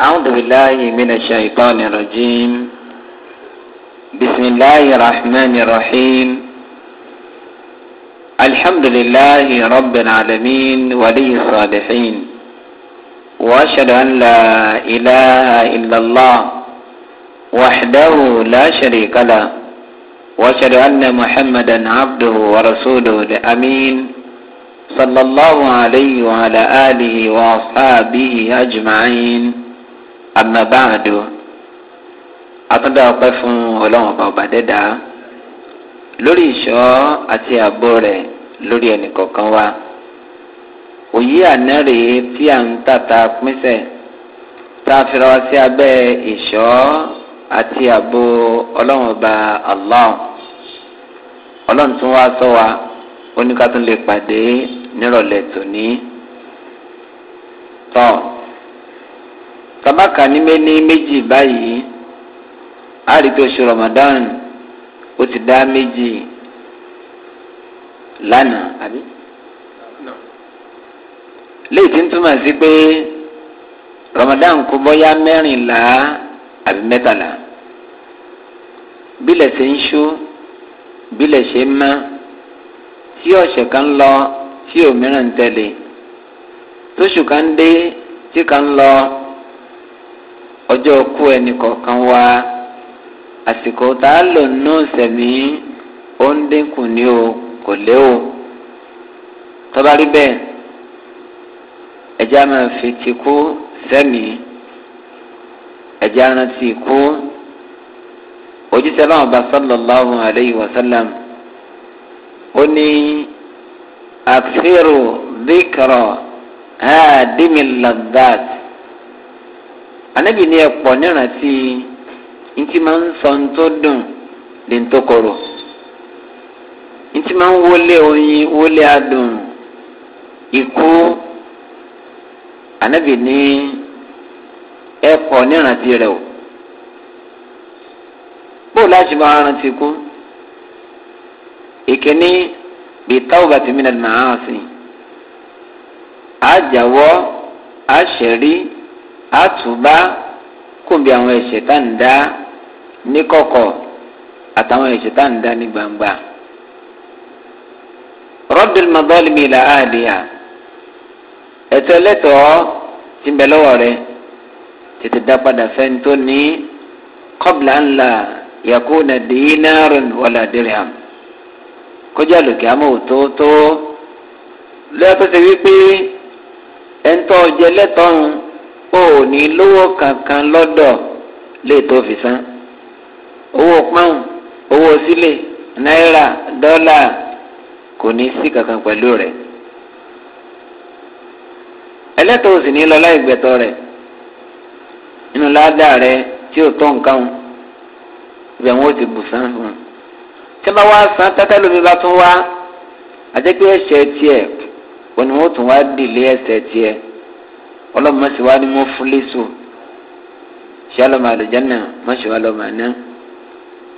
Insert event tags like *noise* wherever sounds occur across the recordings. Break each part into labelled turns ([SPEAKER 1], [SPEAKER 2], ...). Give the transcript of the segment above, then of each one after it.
[SPEAKER 1] أعوذ بالله من الشيطان الرجيم بسم الله الرحمن الرحيم الحمد لله رب العالمين ولي الصالحين وأشهد أن لا إله إلا الله وحده لا شريك له وأشهد أن محمدا عبده ورسوله الأمين صلى الله عليه وعلى آله وأصحابه أجمعين àmàbáàdó àtúndà ọpẹ́ fún ọlọ́run ọba ọba dẹ́dá lórí ìṣọ́ àti ààbò rẹ̀ lórí ẹnìkọ̀ọ̀kan wa òyí ànẹ́rè tí à ń tàta pínṣẹ̀ tá a fira wá sí abẹ́ ìṣọ́ àti ààbò ọlọ́run ọba allah ọlọ́run tún wá sọ wa oníkàtún lè pàdé nírọ̀lẹ́ tòní tán tabaka ní méní méjì báyìí àríkè oṣù ramadan ó ti dá méjì lánàá àbí. léyìí tí ń túmọ̀ sí pé ramadan kò bọ́yá mẹ́rìnlá àbí mẹ́tàlá bílẹ̀ ṣe ń ṣú bílẹ̀ ṣe ń mọ́ tí ọ̀sẹ̀ kan lọ tí òmíràn tẹ̀lé tóṣù kan dé tí kan lọ ọjọ́ kú ẹnì kọ̀ọ̀kan wá àsìkò tá a lò nínú sẹ̀mí ó ń dínkù ní o kò lé o tọ́ba rí bẹ́ẹ̀ ẹ̀já máa fi ti kú sẹ́mi ẹ̀já rántí kú ojúṣe aláwọ̀ bá sallallahu alayhi wa ó ní àkṣírò díkàrọ̀ hàdímìlàdàtì anabi ni ẹ̀pọ̀ nírántí ntí máa ń sọ ntó dùn di ntó korò ntí máa ń wọlé oyin wọlé adùn anabi ni ẹ̀pọ̀ nírántí rẹ o bó láti máa rántí kú ìkíní bìtáwùbà tìmínà màá sìn àjàwọ́ àṣẹrí àtúbá kòmbi àwọn ẹ̀ṣẹ̀ tá à ń dá ní kọ̀kọ̀ àtàwọn ẹ̀ṣẹ̀ tá à ń dá ní gbangba. rọ́dùn mọ́bọ́ọ̀lùmí là á di à ẹ̀tọ́ ẹlẹ́tọ̀ọ́ ti bẹ̀ lọ́wọ́ rẹ̀ tètè dá padà fẹ́ni tó ní kọ́bìlà ńlá yakuna dinarun wala dirham kọjá lòkè àmọ́ òtótó lọ́yà tó ṣe wípé ẹ̀ńtọ́ ọjẹ́ lẹ́tọ̀ọ́hún. o ò ní lówó kankan lọ́dọ̀ lè tó fi san owó pọ́n owó sílẹ̀ náírà dọ́là kò ní sí kankan pẹ̀lú rẹ̀ ẹlẹ́tọ̀ òsì ní lọ láì gbẹ̀tọ̀ rẹ̀ nínú ládàá rẹ̀ tí ò tó nǹkan ibẹ̀ wọn ò ti bù san fún un tí wọ́n wá san tẹ́tẹ́ lómi bá tún wá ẹ̀ṣẹ̀ tiẹ̀ òní tún wá dìlé ẹ̀ṣẹ̀ ọlọ́mọ sì wá ní mọ́ fúlẹ́sọ ṣé ọlọ́mọ àlùjánà mọ́ sì wá lọ́mọ àná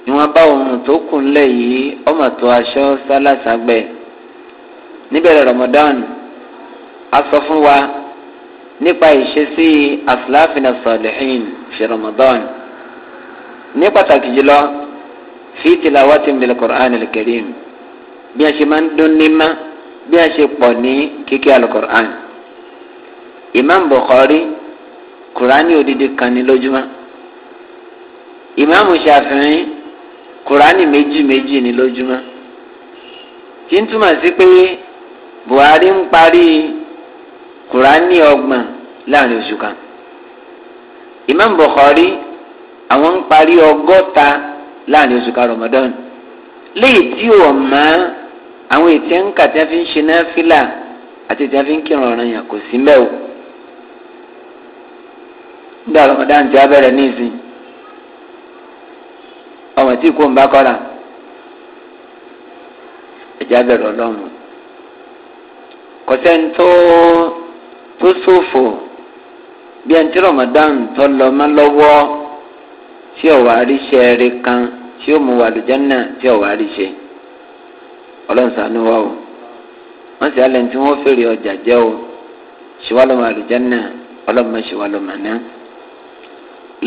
[SPEAKER 1] ìwọ̀n bá ohun tó kù ńlẹ̀ yìí ọmọ tó aṣọ sálàságbẹ́ níbẹ̀rẹ̀ Ramadan a sọ fún wa nípa ìṣesí asláfin asọ̀lẹ́hìn ṣe Ramadan ní pàtàkì jùlọ fi tìlàwọ́tì mílẹ̀ Qur'an al bí a ṣe máa ń dún ní ma bí a ṣe pọ̀ ní kíkẹ́ al imam bukhari kurani odidi kan ni imam shafi'i kurani méjì méjì ni lójúmọ́ kí n túmọ̀ sí pé buhari ń parí kurani ọgbọ̀n láàrin oṣù kan imam bukhari àwọn ń parí ọgọ́ta láàrin oṣù kan ramadan léyìí tí ò mọ́ àwọn ètí ń kà tí wọ́n fi ń ṣe náà fílà àti tí wọ́n fi ń kírun ọ̀ràn yàn kò sí mẹ́wò nígbà ramadan ti abẹ́rẹ́ ní ìsìn ọmọ tí kò ń bá kọ́ra ẹ̀jẹ̀ abẹ́rẹ́ ọlọ́run kọ́sẹ́ni tó tó ṣòfò bí ẹni tí ramadan tó lọ mọ́ lọ́wọ́ tí ọ̀wá ríṣẹ́ rí kan tí ó mú wàlújánná tí ọ̀wá ríṣẹ́ ọlọ́run sànú wa o wọ́n sì á lẹ́ni wọ́n fèrè ọjà jẹ́ o ṣùwálọ́mọ àlùjánná ọlọ́mọ ṣùwálọ́mọ náà.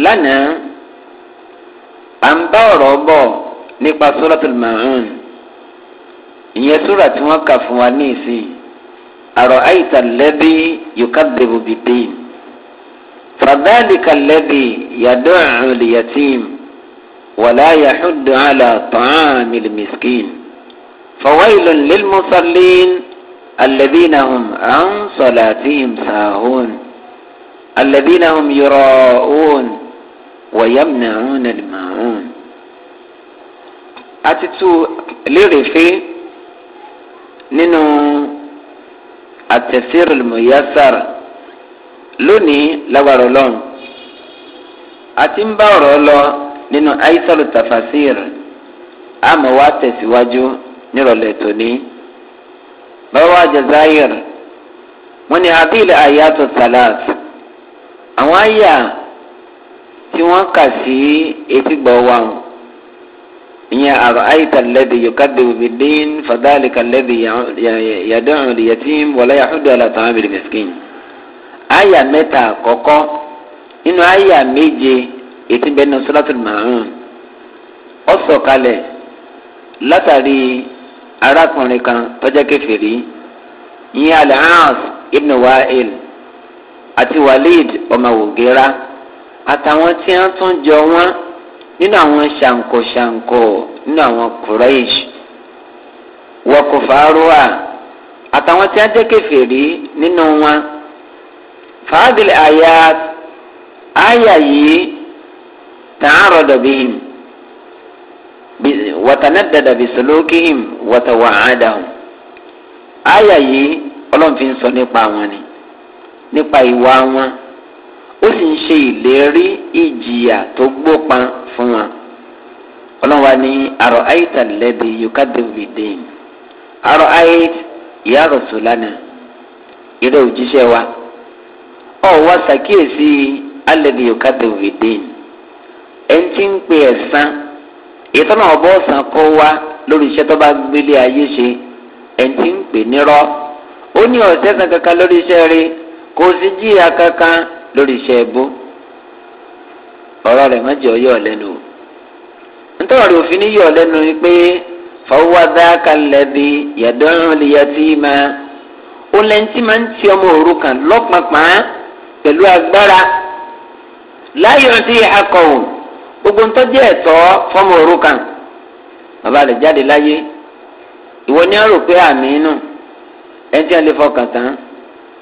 [SPEAKER 1] lánàá à ń bá ọ̀rọ̀ bọ̀ nípa suratul ma'un ìyẹn sura tí wọ́n kà fún wa ní ìsìn àrò àyíta lẹ́bí yukadribu bìbí fàdáàlìkà lẹ́bí yàdọ́ àlùyàtìm wàlá yàhùdù àlà tàn mílímìskìn fọwọ́ìlù lílmùsọ̀lìn الذين هم عن صلاتهم ساهون الذين هم يراءون wọ̀yẹ́mìnàrún ẹ̀dìmàrún. àtìtù lérèfé nínú àtẹ̀sírò mọ̀yásàr lónìí lágbára ọlọ́run àti ń bá ọ̀rọ̀ lọ nínú àìsàrò tàfàṣìr àmọ́ wá tẹ̀síwájú nírọ̀lẹ́ tòní. báwa jazair wọ́n ní abil ayatul salat àwọn àyà tí wọ́n kà sí etígbọ̀ wa hàn ìyẹn àrùn lẹ́dí yòókàdé òbí dín fàdálìkà lẹ́dí yàdọ̀rùn ìyẹtí wọlé àhúdù àlàtàn àbẹ̀rẹ̀ mẹ́sìkìn. àyà mẹ́ta àkọ́kọ́ nínú àyà méje ètí bẹ́ẹ̀ ní sọ́látùn màrún ọ sọ̀kalẹ̀ látàrí arákùnrin kan tọ́jà kẹfìrí ìyẹn alẹ́ hans ibn wa'il àti walid ọmọ wògera. àtàwọn tí wọ́n tún jọ wọn nínú àwọn ṣàǹkóṣàǹkó nínú àwọn kùrẹ́ẹ̀ṣì wọkùfàárùwà àtàwọn tí wọ́n jẹ́ kẹfìrí nínú wọn. fàádìlì àyà àyà yìí tààrọ̀ dọ̀bìhìm wàtánàdàdà bìsọ̀lókìhìm wàtàwàádàhùn. àyà yìí ọlọ́run fi ń sọ nípa wọn ni nípa ìwà wọn. ó sì ń ṣe ìlérí ìjìyà tó gbópa fún wa ọlọ́wà ní àrò àyíta lẹ́bi yòókà dèbìlì dèyìn àrò àyíta ìyá rọ̀tò lánàá ìrẹ́ òjíṣẹ́ wa ọ̀ wá sàkíyèsí alẹ́bi yòókà dèbìlì dèyìn ẹni tí ń pe ẹ̀sán ìtọ́nà ọ̀bọ̀ ọ̀sán kọ́ wa lórí iṣẹ́ tó bá gbélé ayé ṣe ẹni tí ń pè nírọ́ ó ní ọ̀sẹ̀ kan kankan lórí iṣẹ́ rẹ̀ kò sí jíya kankan lórí iṣẹ́ ẹbú ọ̀rọ̀ rẹ̀ má jẹ́ ọyọ́ lẹ́nu o nítorí òfin ní yọ̀ lẹ́nu ni pé fọwọ́dá kalẹ̀bi yẹ̀dọ́rùn lìyẹtì ma ó lẹ́ntì máa ń ti ọmọ òru kan lọ́pàpàá pẹ̀lú agbára láyọ̀ sí akọ̀wò gbogbo ń tọ́jú ẹ̀tọ́ fọmọ òru kan bàbá rẹ̀ jáde láyé ìwọ ni a pé àmì inú ẹ̀ ń tí a lè fọkàn tán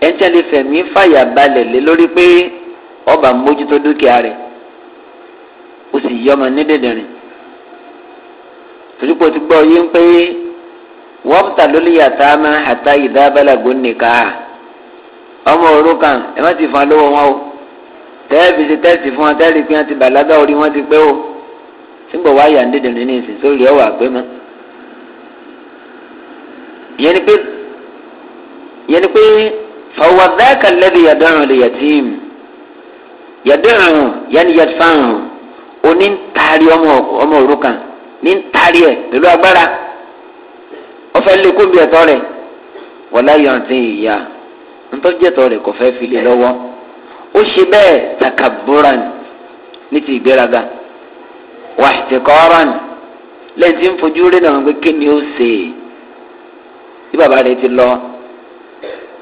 [SPEAKER 1] ẹ̀ńtẹ́ lè fẹ̀mí fàyà balẹ̀ lé lórí pé ọba mójútó dúkìá rẹ̀ o sì yí ọmọ nídẹ̀dẹ̀rìn torípò ti gbọ́ yín pé wọ́n ta ló lè yàtá máa àtá ìdábàlàgbò nìkan ọmọ òrukàn ẹ má ti fún wa lówó wọn o tẹ́ẹ̀bì ti tẹ́ẹ̀sì fún wọn tẹ́ẹ̀rì pé wọ́n ti bàlágà orí wọn ti pé o sígbà wá yà nídẹ̀dẹ̀rìn ní ìsìn sórí ọwọ́ àpé mọ́ ìyẹn pé ìyẹn pé fọwọ́ dáka lẹ́bi yàdọ̀rùn lè yàtìm yàdọ̀rùn yẹn yàtfàrùn oní ń taari ọmọ òrukàn ní ń taari ẹ̀ pẹ̀lú agbára ọfẹ́ lẹ́kùn bí ẹ̀tọ́ rẹ̀ wọlá yọ̀ǹtì ìyá ntọ́jẹ́tọ̀ rẹ̀ kò fẹ́ file lọ́wọ́ ó ṣe bẹ́ẹ̀ takaburan ní ti ìgbéraga wàhìtìkọ́ran lẹ́yìn tí ń fojú rí náà wọ́n gbé kí ni ó ṣe é bí bàbá rẹ̀ ti lọ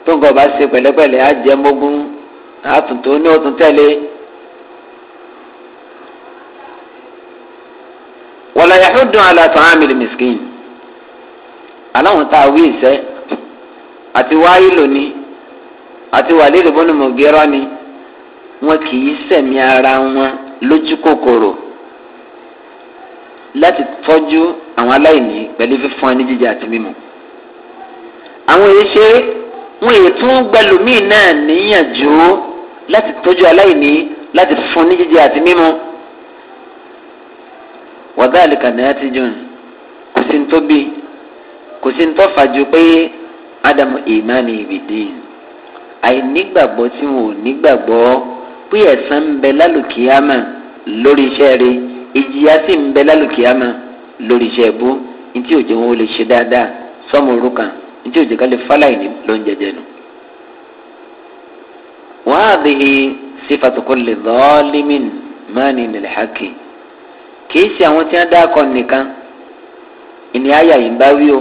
[SPEAKER 1] tó gọ̀ bá ṣe pẹ̀lẹ́pẹ̀lẹ́ àjẹmógún àtúntò ní ọ̀tún tẹ̀lé. wọ́lá yàtọ̀ dùn àlàtàn àmìlì mìsíkìn aláwọn tá a wí ìṣe àti wáyé lónìí àti wàlẹ́ ìdìbònú mọ̀gẹ́rọ́ ni wọn kì í sẹ̀mí ara wọn lójú kòkòrò láti tọ́jú àwọn aláìní pẹ̀lú fífún ẹni jíjẹ àti mímu. àwọn èyí ṣe é wọn èyí tún gbẹlòmíì náà níyànjú láti tọ́jú aláìní láti fún ní jíjẹ àti mímu. wàdà àlìkàdé àti john kò sí ní tó bí kò sí ní tó fàájú pé ádámù ìmánì ìbìdí àìnígbàgbọ́ tí wọn ò nígbàgbọ́ pé ẹ̀sán ń bẹ lálùkìyàmà lórí iṣẹ́ rẹ ìjìyà sì ń bẹ lálùkìyàmà lórí iṣẹ́ ẹ̀bú ní tí òjò wọn ò lè ṣe dáadáa sọ́mọ orúkàn nítí òjò ká lè fáláì ní ló ń jẹjẹ nù. wọ́n á dìhì sífàtúkọ lè lọ́ọ́límìn mánì nílẹ̀ hákì kìí ṣe àwọn tí wọ́n dá akọ nìkan ìní àyà yìí ń bá wí o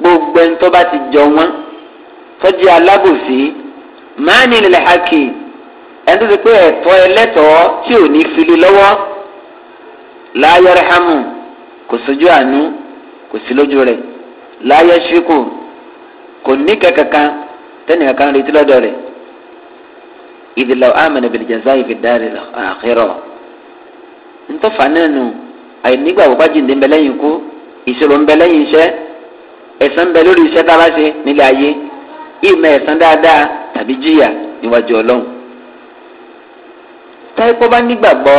[SPEAKER 1] gbogbo ẹni tó bá ti jọ wọ́n tọ́jú alábòsí mánì nílẹ̀ hákì ẹni tó ti pé ẹ̀tọ́ ẹlẹ́tọ̀ọ́ tí ò ní fili lọ́wọ́ láyọ̀rẹ́ hàmù kò sójú àánú kò sí lójú rẹ̀ láyé ṣíkù kò ní kankan tẹ́nì kankan retí lọ́dọ̀ rẹ̀ ìdìlọ amẹnẹ bìlìjẹsà ìfìdárẹ àkérò ntọ́fà náà nù àìnígbà wọ́pá jíǹde ńbẹ lẹ́yìn kú ìṣòro ńbẹ lẹ́yìn iṣẹ́ ẹ̀sán ńbẹ lórí iṣẹ́ tá a bá ṣe nílé ayé ìmọ̀ ẹ̀sán dáadáa tàbí jìyà níwájú ọlọ́run táìpọ́ bá nígbàgbọ́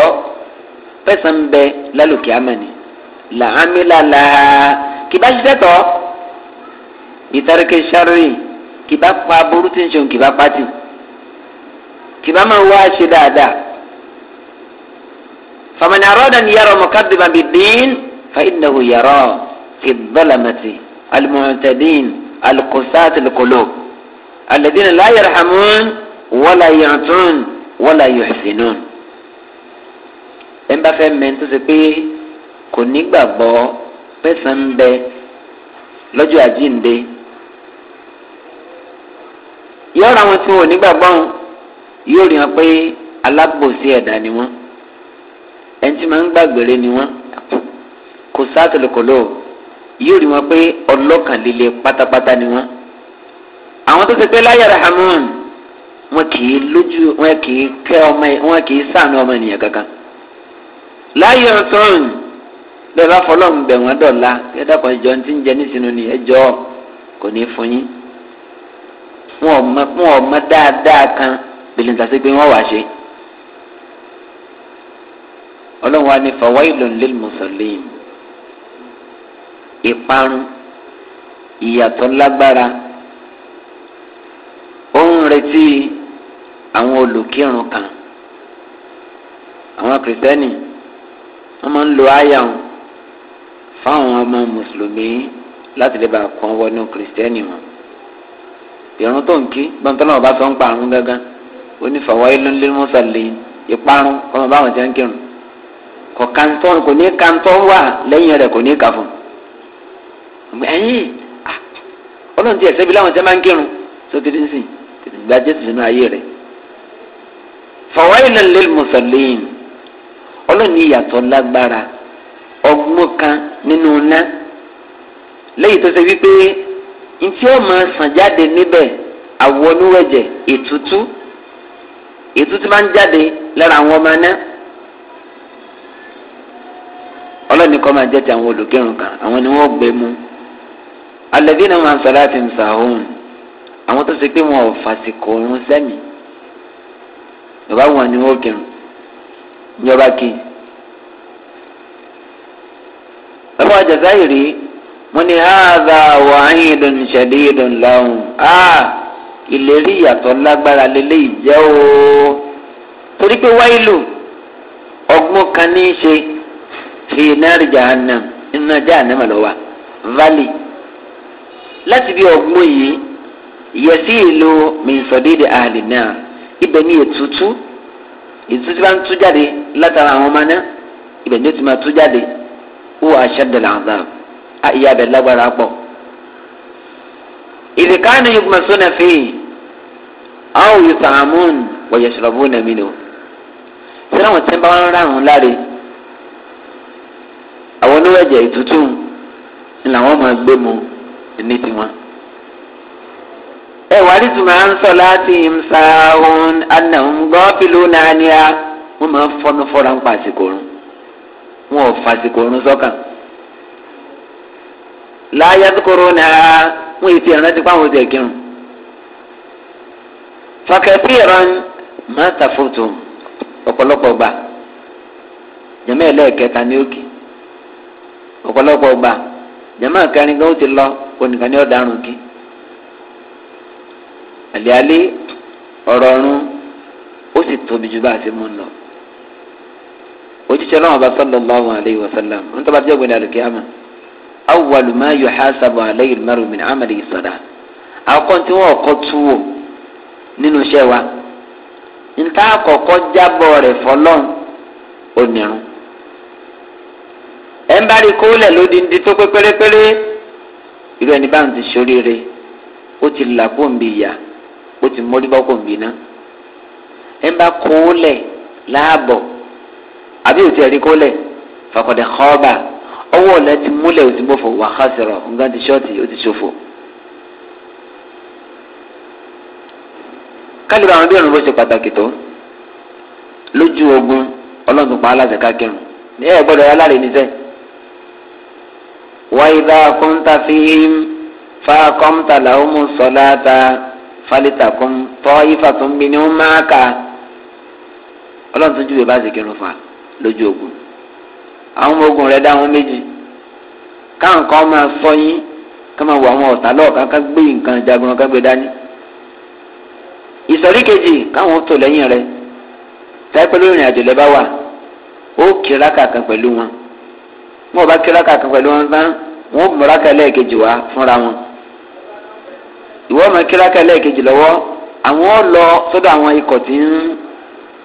[SPEAKER 1] fẹ̀sán ńbẹ lálùkì amẹnì làámílàlà kì bá ṣiṣẹ́ tọ́ ìtàríkẹ́ sáré kìbá pa burú tí ń ṣe kìbá pátì kìbá máa wá ṣe dáadáa. فمن أراد أن يرى مكذبا بالدين فإنه يرى في الظلمة المعتدين القساة القلوب الذين لا يرحمون ولا يعطون ولا يحسنون ẹnba fẹ́ mẹ tó ṣe pé kò nígbàgbọ́ pẹ̀sán ń bẹ lọ́jọ́ àjíǹde yóò ra wọn tí wọn ò nígbàgbọ́ wọn yóò rí wọn pé alágbòsí ẹ̀dá ni wọn ẹni tí máa ń gbàgbére ni wọn kò sátìlùkọlọ yóò rí wọn pé ọlọ́kànlélẹ̀ pátápátá ni wọn àwọn tó ti pé láyàrá hamon wọn kì í lójú wọn kì í kẹ ọmọ wọn kì í sànú ọmọ ènìyàn kankan láyé ọ̀sán bẹ́ẹ̀ bá fọlọ́ọ̀ ń bẹ̀ wọ́n dọ̀la ẹ dákun ẹjọ́ ti ń jẹ nísìnyí ẹjọ́ kò ní fún yín wọn ọmọ fún ọmọ dáadáa kan bìlì ntàsí pé wọn wà ṣe. ọlọ́run wa ní fawailun lil musallin ìparun ìyàtọ̀ lágbára ó ń retí àwọn olùkírun kan àwọn kìrìsìtẹ́nì wọ́n máa ń lo àyà wọn fáwọn ọmọ mùsùlùmí láti lè bá kọ́ wọnú kìrìsìtẹ́nì wọn ìrún tó ń kí gbọ̀ntọ́lọ́ ọba sọ ń parun gángan onífàwọ́ ilé mọ́sálẹ̀ ìparun ọmọ báwọn ti ń kírun kò kàńtọ́ kò ní kàńtọ́ wà lẹ́yìn rẹ̀ kò ní kà fún un ẹ̀yìn ọlọ́run ti ẹ̀sẹ̀ bí láwọn ti máa ń kírun tó ti dín sí ìgbà jésù nínú ayé rẹ̀ fàwọ́ ilé mọ́sálẹ̀ ọlọ́run ní ìyàtọ̀ lágbára ọgbọ́n kan nínú ná lẹ́yìn tó ṣe wípé ntí ó máa sàn jáde níbẹ̀ àwọ̀ oníwẹ̀jẹ̀ ètútú ètútú máa ń jáde lára àwọn ọmọ náà ọlọ́ni kọ́ máa jẹ́ ti àwọn olùkírun kan àwọn ni wọ́n gbé mu alẹ́bí náà máa ń sọ̀rọ̀ àti nsàhún àwọn tó ṣe pé wọn ò fàṣìkò oorun sẹ́mi bàbá wọn ni wọ́n kírun ìjọba kì í. bàbá wa jẹ̀sáyìí rèé wọ́n ní ààdà wàhíìdùn ṣẹ̀díìdùn lọ́hùn á ìlérí ìyàtọ̀ lágbára lélẹ́ ìjẹ́ o torí pé wáìlù ọgbọ́n kan ní í ṣe fi náírà jahannam iná jahannam lọ wa valley láti bí ọgbọ́n yìí yẹsí ìlú mìsọ̀dídì àhàlì náà ibẹ̀ ní ètútú ètútú bá ń tú jáde látara àwọn ọmọ náà ibẹ̀ ní ó máa tú jáde ó wà á ṣẹ́dẹ̀ làwọn dáhùn ìyá rẹ̀ lágbára pọ̀. ìdìkánì ìgbọ̀nsọ́nà fi àwọn òye sàmún wọ̀nyẹ̀ ṣọ̀rọ̀bù nàmi ni o. sẹ́ni àwọn tí ń bá wọn rárun láre àwọn oníwẹ̀jẹ̀ ìtútù ni làwọn máa gbé mu ní tiwọn. ẹ wàá rí à ń sọ láti ṣàhùn ànàhùn gọ́ọ̀fìlú nàníà wọ́n máa ń fọ́nú fọ́ra ń pa ò fa àsìkò sọ́kàn. So láyé kóró náà wọ́n ètò ìrántí pàwọn ojú ẹ̀kí wọn. fàkẹ́fì ìran máa tàfóòtò ọ̀pọ̀lọpọ̀ gbà jẹ́mọ́ ẹlẹ́ẹ̀kẹta ní òkè ọ̀pọ̀lọpọ̀ gbà jẹ́mọ́ àkẹrin gan ó ti lọ onìkan ní ọ̀daràn kí. àlẹ́alẹ́ ọ̀rọ̀ ọ̀run ó sì tóbi ju bá a ṣe mú un lọ ojúṣe náà ọba sọlọ lọ́wọ́ àlẹ́ ìwọ̀sálàm ń tọ́ bá jẹ́ ògbìn àlùkí àmà awwalu ma yu hasabu alayhi maru min amali sada akọ tí wọn kọ tu wo nínú iṣẹ́ wa nta àkọ́kọ́ jábọ̀ rẹ̀ fọ́lọ́run onírun ẹ ń bá rí kólẹ̀ lódindi tó pé pérépéré irú ẹni báwọn ti ṣoríire ó ti là kóńbi ìyá ó ti mórí bọ́ kóńbi náà ẹ ń láàbọ̀ àbí òtí ẹ̀rí kólẹ̀ fàkọ̀dẹ̀ xọ́ọ̀bà ọwọ́ ọ̀la ti múlẹ̀ ó ti bọ̀fọ̀ wà á sẹ̀rọ̀ nǹkan ti ṣọ́ọ̀tì ó ti ṣòfò. kálíbà àwọn bíọ̀nù bó ṣe pàtàkì tó lójú ogun ọlọ́dún pa aláṣẹ kákẹ́rù ní ẹ̀ gbọ́dọ̀ yá láre níṣẹ́. wáyíbá kọ́ńtà fi hím fa kọ́ńtà làwọn mú sọ́lá ta fálítàkùn tọ́ ìfàtúnbí ni ó máa kà ọlọ́dún tó júwèé bá ṣe kírun fún lójú ogun. àwọn ọmọ ogun rẹ dá wọn méjì káwọn kan máa sọ yín ká máa wọ àwọn ọ̀tá lọ́ọ̀kan ká gbé nǹkan jagun ká gbé dání ìsọ̀rí kejì káwọn tó lẹ́yìn rẹ táyé pẹ̀lú ìrìn àjò lẹ́ wà ó pẹ̀lú wọn wọn ò bá kíráka kan pẹ̀lú wọn tán wọn ò múra wá fúnra wọn ìwọ ọmọ lọ́wọ́ àwọn ò lọ sọ́dọ̀ àwọn ikọ̀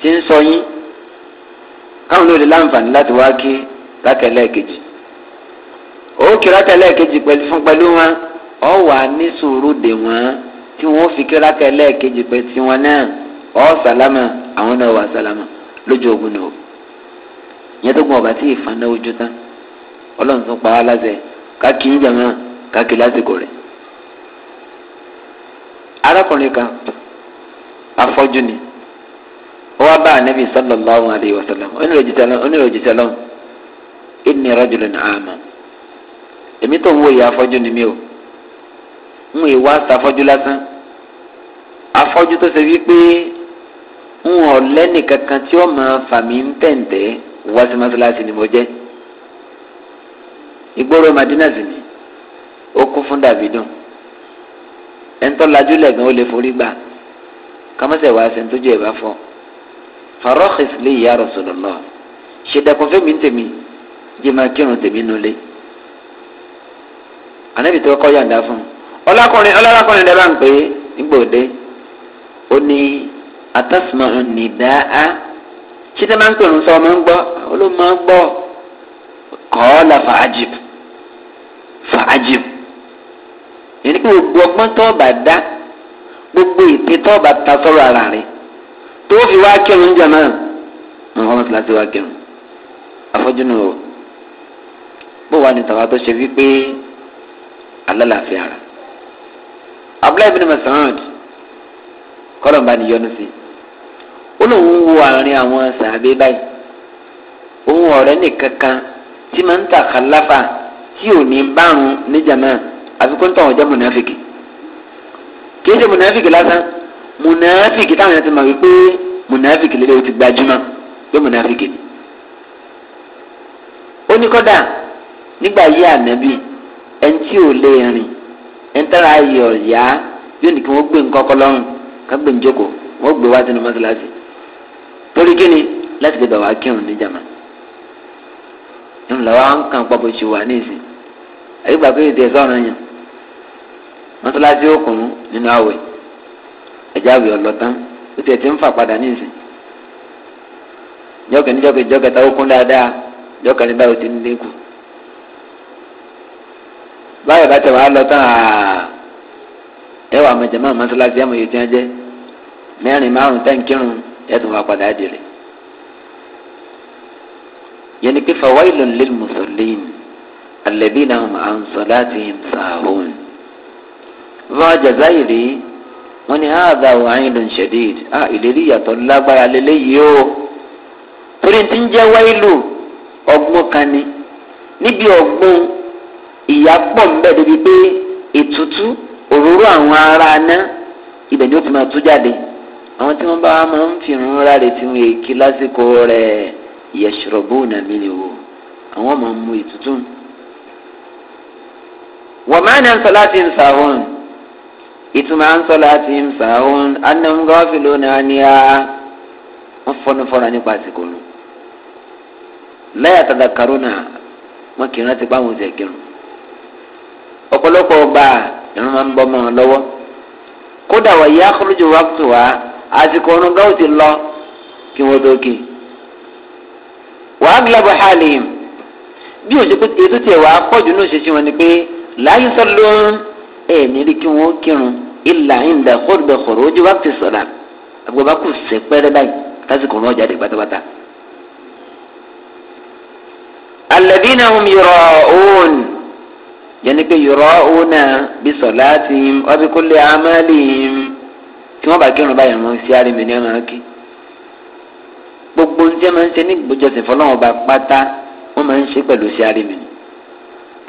[SPEAKER 1] tí ń sọ yín káwọn rákẹ́lẹ́ kejì ó kí rákẹ́lẹ́ kejì pẹ̀lú fún pẹ̀lú wọn ọ wà ní sùúrù dè wọ́n tí wọ́n fi kí rákẹ́lẹ́ kejì pẹ̀ sí wọn náà ọ sàlámà àwọn náà wà sàlámà lójú ogun ni o ìyẹn tó gbọ́n ọ̀bà tí ìfànà ojú tán ọlọ́run tún pa á láṣẹ káàkiri ìjàmọ́ káàkiri lásìkò rẹ̀ arákùnrin kan afọ́jú ni ó wá bá ànábì sọ́lọ́lá ọ̀hún àdéhùn ọ̀sán lọ́wọ́ oníròjì inni rajulun ama èmi tó ń wòye afọ́jú ni mí o ń wòye wá sàfọ́jú lásán afọ́jú tó ṣe wípé ń wọ̀ lẹ́nì kankan tí ó máa fà mí ń tẹ̀ǹtẹ̀ wá sí mọ́ṣáláṣí ni mo jẹ́ ìgboro madina sì ni ó kún fún dàbídùn ẹ̀ńtọ́ lajú lẹ́gàn ó lè forí gbà kàmọ́sẹ̀ wá sẹ́ńtójú ẹ̀ bá fọ́ farọ́ọ̀kì sílẹ̀ ìyá rọ̀ sọ̀rọ̀ náà mi ń tèmi jẹ́ máa kírun tèmi nulẹ̀ ànábì tó kọ́ yàǹda fún un ọlọ́kùnrin ọlọ́kùnrin dẹ́ bá ń pè é nígbòde ó ní atásùmọ̀ nìdáá ṣíṣe máa ń pèrún sọ ọmọ ń gbọ́ olú máa ń gbọ́ kọ́ọ́lá fàájìb fàájìb yẹn pé gbogbo ọgbọ́n tó bá dá gbogbo ìpè tó bá ta sọ́rọ̀ ara rẹ̀ tó fi wá kírun jẹ náà ọmọ tí láti wá kírun afọ́jú o bó wà ní tàwa tó ṣe wípé alálàáfíà rà abdullahi bin masoud kọlọmba ni yọnu sí ó lóun wo àárín àwọn sàbẹ báyìí òun ọ̀rẹ́ nìkan kan tí máa ń ta kàláfà tí ò ní bárun níjàmá àfikún tó àwọn jẹ́ mùnáfìkì kìí ṣe mùnáfìkì lásán mùnáfìkì táwọn yẹn ti mọ̀ wípé mùnáfìkì lélẹ́wọ̀ ti gbajúmọ̀ pé mùnáfìkì ni ó ní kọ́dà nígbà yí ànábì ẹni tí ò lè rìn ẹni tára ayé ọ̀yá yóò ní kí wọ́n gbé nǹkan kọ́ lọ́rùn ká gbé njoko wọ́n gbé wá sínú mọ́ṣáláṣí torí kíni láti lè bà wá kírun níjàmá ńlá wa ń kàn pàbó ṣe wà ní ìsìn àyíkpà pé ètò ẹ̀sọ́ ọ̀ràn yẹn mọ́ṣáláṣí òkùnrin nínú àwẹ̀ ẹ̀já àwẹ̀ ọ̀lọ́tán ó ti ẹ̀ ti ń fà padà ní ìsìn jọ́kẹ́ níjọ́kẹ́ jọ́kẹ́ táwọn kún dáadáa jọ́kẹ́ nígbà ó ti ń dínkù báyọ̀ bá tẹ̀ wá lọ tán ẹ wà mẹjẹ máa mọ́sálásí àmọ́ yìí tí wọ́n jẹ́ mẹ́rin márùn tẹ́ǹkìrún ẹ̀ tún wá padà dìrẹ̀. yẹn ni pé fawailu lil musolin alẹ́bí náà mà ń sọ láti ṣàhùn. bá jazairi wọn ni àádá wàhálùn ṣẹdíd à ìlérí ìyàtọ̀ lágbára lélẹ́yìí o torí ti ń jẹ́ wáìlù ọgbọ́n kan ni níbi ọgbọ́n ìyá pọ̀ nbẹ̀ débi pé ètùtù òróró àwọn ará aná ibẹ̀ ni ó ti máa tú jáde àwọn tí wọ́n bá máa ń fi irun ra rẹ̀ tí wọ́n èkí lásìkò rẹ̀ yẹ̀ṣọ̀rọ̀bù nàmí ni o àwọn máa ń mu ètùtù. wọ́n máa ń sọ láti ń sàwọn ìtumọ̀ ń sọ láti ń sàwọn anamgọ́fì lónìí ni a wọ́n fọ́nú nípa àsìkò lẹ́yà tàdàkàrọ̀ náà wọ́n kì í rántí pàwọn ọ̀sẹ̀ ọ̀pọ̀lọpọ̀ ọgbà irun máa ń bọ́ mọ́ ọ lọ́wọ́ kódà wà yá kúrújù wá tù wá àsìkò ọ̀run gáwó ti lọ kí wọ́n tó kí. wàá gíláàbù hàlìm bí òṣèkú ètò tiẹ̀ wàá pọ̀jù ní òṣèṣin wọn ni pé láyé sọ́lọ́ ẹ̀ nírí kí wọ́n kírun ìlà ìndà kóòdùbẹ̀ kọ̀rọ̀ ojú wá ti sọ̀rọ̀ àgbàbá kù sẹ́ pẹ́rẹ́ báyìí lásìkò ọ̀run ọjà dé pátápátá. alẹ́ bí náà ń yọrọ̀ òun yẹn ni pé yọrọ ọ̀nà bí sọ̀lá ti ń ọbí kó lé amálì ń tí wọ́n bá kírun báyìí wọn sí àrèmí ní ọmọ kí gbogbo ń jẹ́ máa ń ṣe ní ìgbójọsìn fọlọ́wọ́n bá pátá wọ́n máa ń ṣe pẹ̀lú sí àrèmí ni.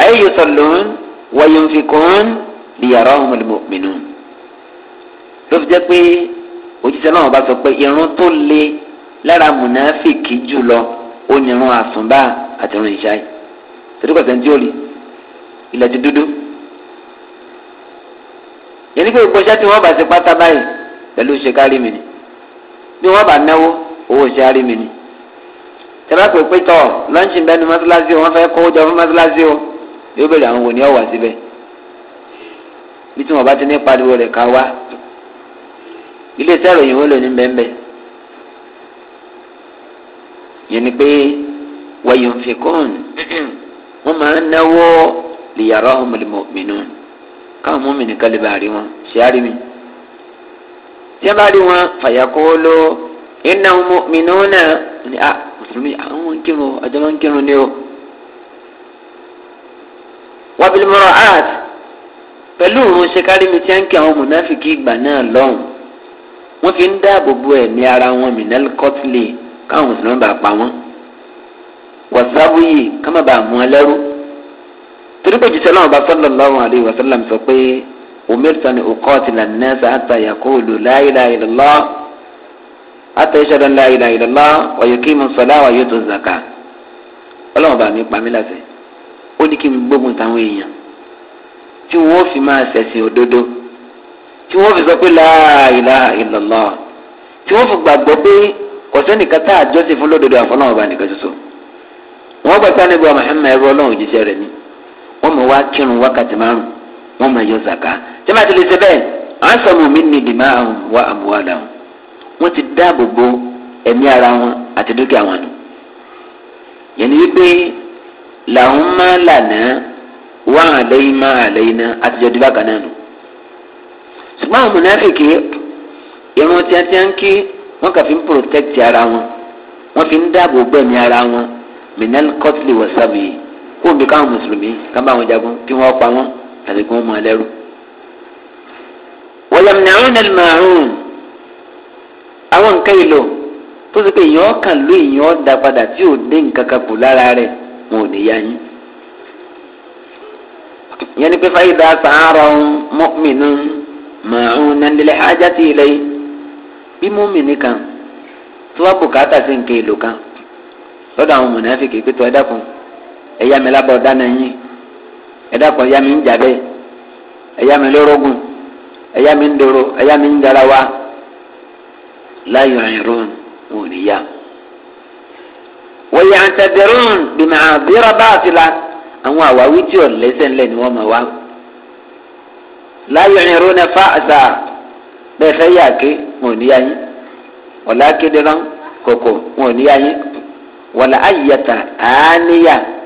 [SPEAKER 1] ayé yóò sọ lòun wọ́yọ̀ fi kún ìyàrá ọ̀hún mìíràn ló fi jẹ́ pé òjíṣẹ́ náà bá sọ pé irun tó le lára mùnáfìkì jùlọ ó ní irun àsùnbà àti irun ìṣáì torí pẹ̀sẹ̀ ń tí ó rí ilẹ̀ ti dúdú yẹnni pé gbogbo iṣẹ́ tí wọ́n bá ṣe pátá báyìí pẹ̀lú ṣe kárí mi ni bí wọ́n bá náwó owó ṣe kárí mi ni tẹ́lá pé pétọ́ lọ́ńṣì bẹ́ẹ̀ ni mọ́tíláṣí o wọ́n fẹ́ kó jọ fún mọ́tíláṣí o yóò bèrè àwọn wò ní ọ̀wà síbẹ̀ bí tí wọ́n bá ti ní pariwo rẹ̀ ká wá ilé iṣẹ́ ìròyìn wo lò ní bẹ́ẹ̀ yẹnni pé wọ́n yóò fi kóòn wọ́n máa náwó lìyàrá ọ̀húnmọ̀lẹ́mọ̀ mìíràn káwọn mú mi nìkan lè bá rí wọn ṣe á rí mi. tí a bá rí wọn fàyàkó ló iná mìíràn náà ni a mùsùlùmí àwọn ń kírun ọjọ́ máa ń kírun ni o. wọ́n fi mọ́ra art pẹ̀lú òun ṣe kárí mi tí a ń kí àwọn mùnáfíkì ìgbà náà lọ́hùn wọ́n fi ń dáàbò bo ẹ̀mí ara wọn mìíràn kọ́tìlì káwọn mùsùlùmí bá pa wọ́n. wọ́n sábúyì ká má bàa mú ọ lẹ́rú torí pé jìṣẹ́ náà bá sọ́lọ̀ lọ́rùn àlè wàsálàm sọ pé omirta ni okọ́ọ̀tì là nẹ́ẹ̀sà àtà yakóòlù láìláìlọ́ àtà ìṣẹ̀dọ̀ láìláìlọ́ ọ̀yọ̀kí mu sọ̀lá wàyó tó zàkà ọlọ́run bá mi pa mí láti ó ní kí n gbógun táwọn èèyàn tí wọ́n fi máa ṣẹ̀sìn òdodo tí wọ́n fi sọ pé láìláìlọ́ tí wọ́n fi gbàgbọ́ pé kọ̀sẹ́nìkan tá àjọsìn fún lódodo àfọlọ́run bá nìkan ṣoṣo wọ́n gbàgbọ́ nígbà mọ̀hẹ́mà ẹ̀rọ ọlọ́run ni wọ́n mọ̀ wá kírun wákàtí márùn wọ́n mọ̀ yọ zaka tí wọ́n ti lè ṣe bẹ́ẹ̀ àwọn sọ̀rọ̀ mi ní ìdìmọ̀ àwọn wa àbúwádà wọn ti dáàbò bo ẹ̀mí ara wọn àti dúkìá wọn nù yẹn ni wípé làwọn máa lànà wá àlẹ́yìn máa àlẹ́yìn náà àtijọ́ dìbà kan náà nù ṣùgbọ́n àwọn mọ̀nàfẹ̀kì irun tí ń kí wọ́n kà fi ń protect ara wọn wọ́n fi ń dáàbò bo ẹ̀mí ara wọn mìnàlì kọ́tìlì wọ̀ sábìyì kó omi káwọn mùsùlùmí ká bá wọn jagun kí wọ́n pa wọ́n àti kí wọ́n mọ ẹlẹ́rù. wọ́yàm ní àwọn ẹlẹ́mọ̀ àrùn àwọn nǹkan ìlò tó ti pé èèyàn kàn ló èèyàn dá padà tí ò dé nǹkan kan kù lára rẹ̀ wọn ò ní yá yín. ìyẹn ni pé fáyidà sàárà mọ́mìnú màrún nàndínlẹ̀ ajá ti ilẹ̀ yìí bí mọ́mìnì kan tí wọ́n bùkátà sí nǹkan ìlò kan lọ́dọ̀ àwọn mọ̀nàfíkì pé tó ẹ dákun. E mi mela dáná yín ẹ̀dá kan ẹ̀yà mi ń jàbẹ́ ẹ̀yà mi lórógùn ẹ̀yà mi ń dòrò ẹ̀yà mi ń garawa láyọ̀ ẹ̀rọ̀n a àwọn àwáwí tí ò lẹ́sẹ̀ ńlẹ̀ ni wọ́n mọ̀ wá. àṣà bẹ́ẹ̀ fẹ́ yà ké wọn ò ní yá yín ọ̀là kéde náà kòkò wọn ò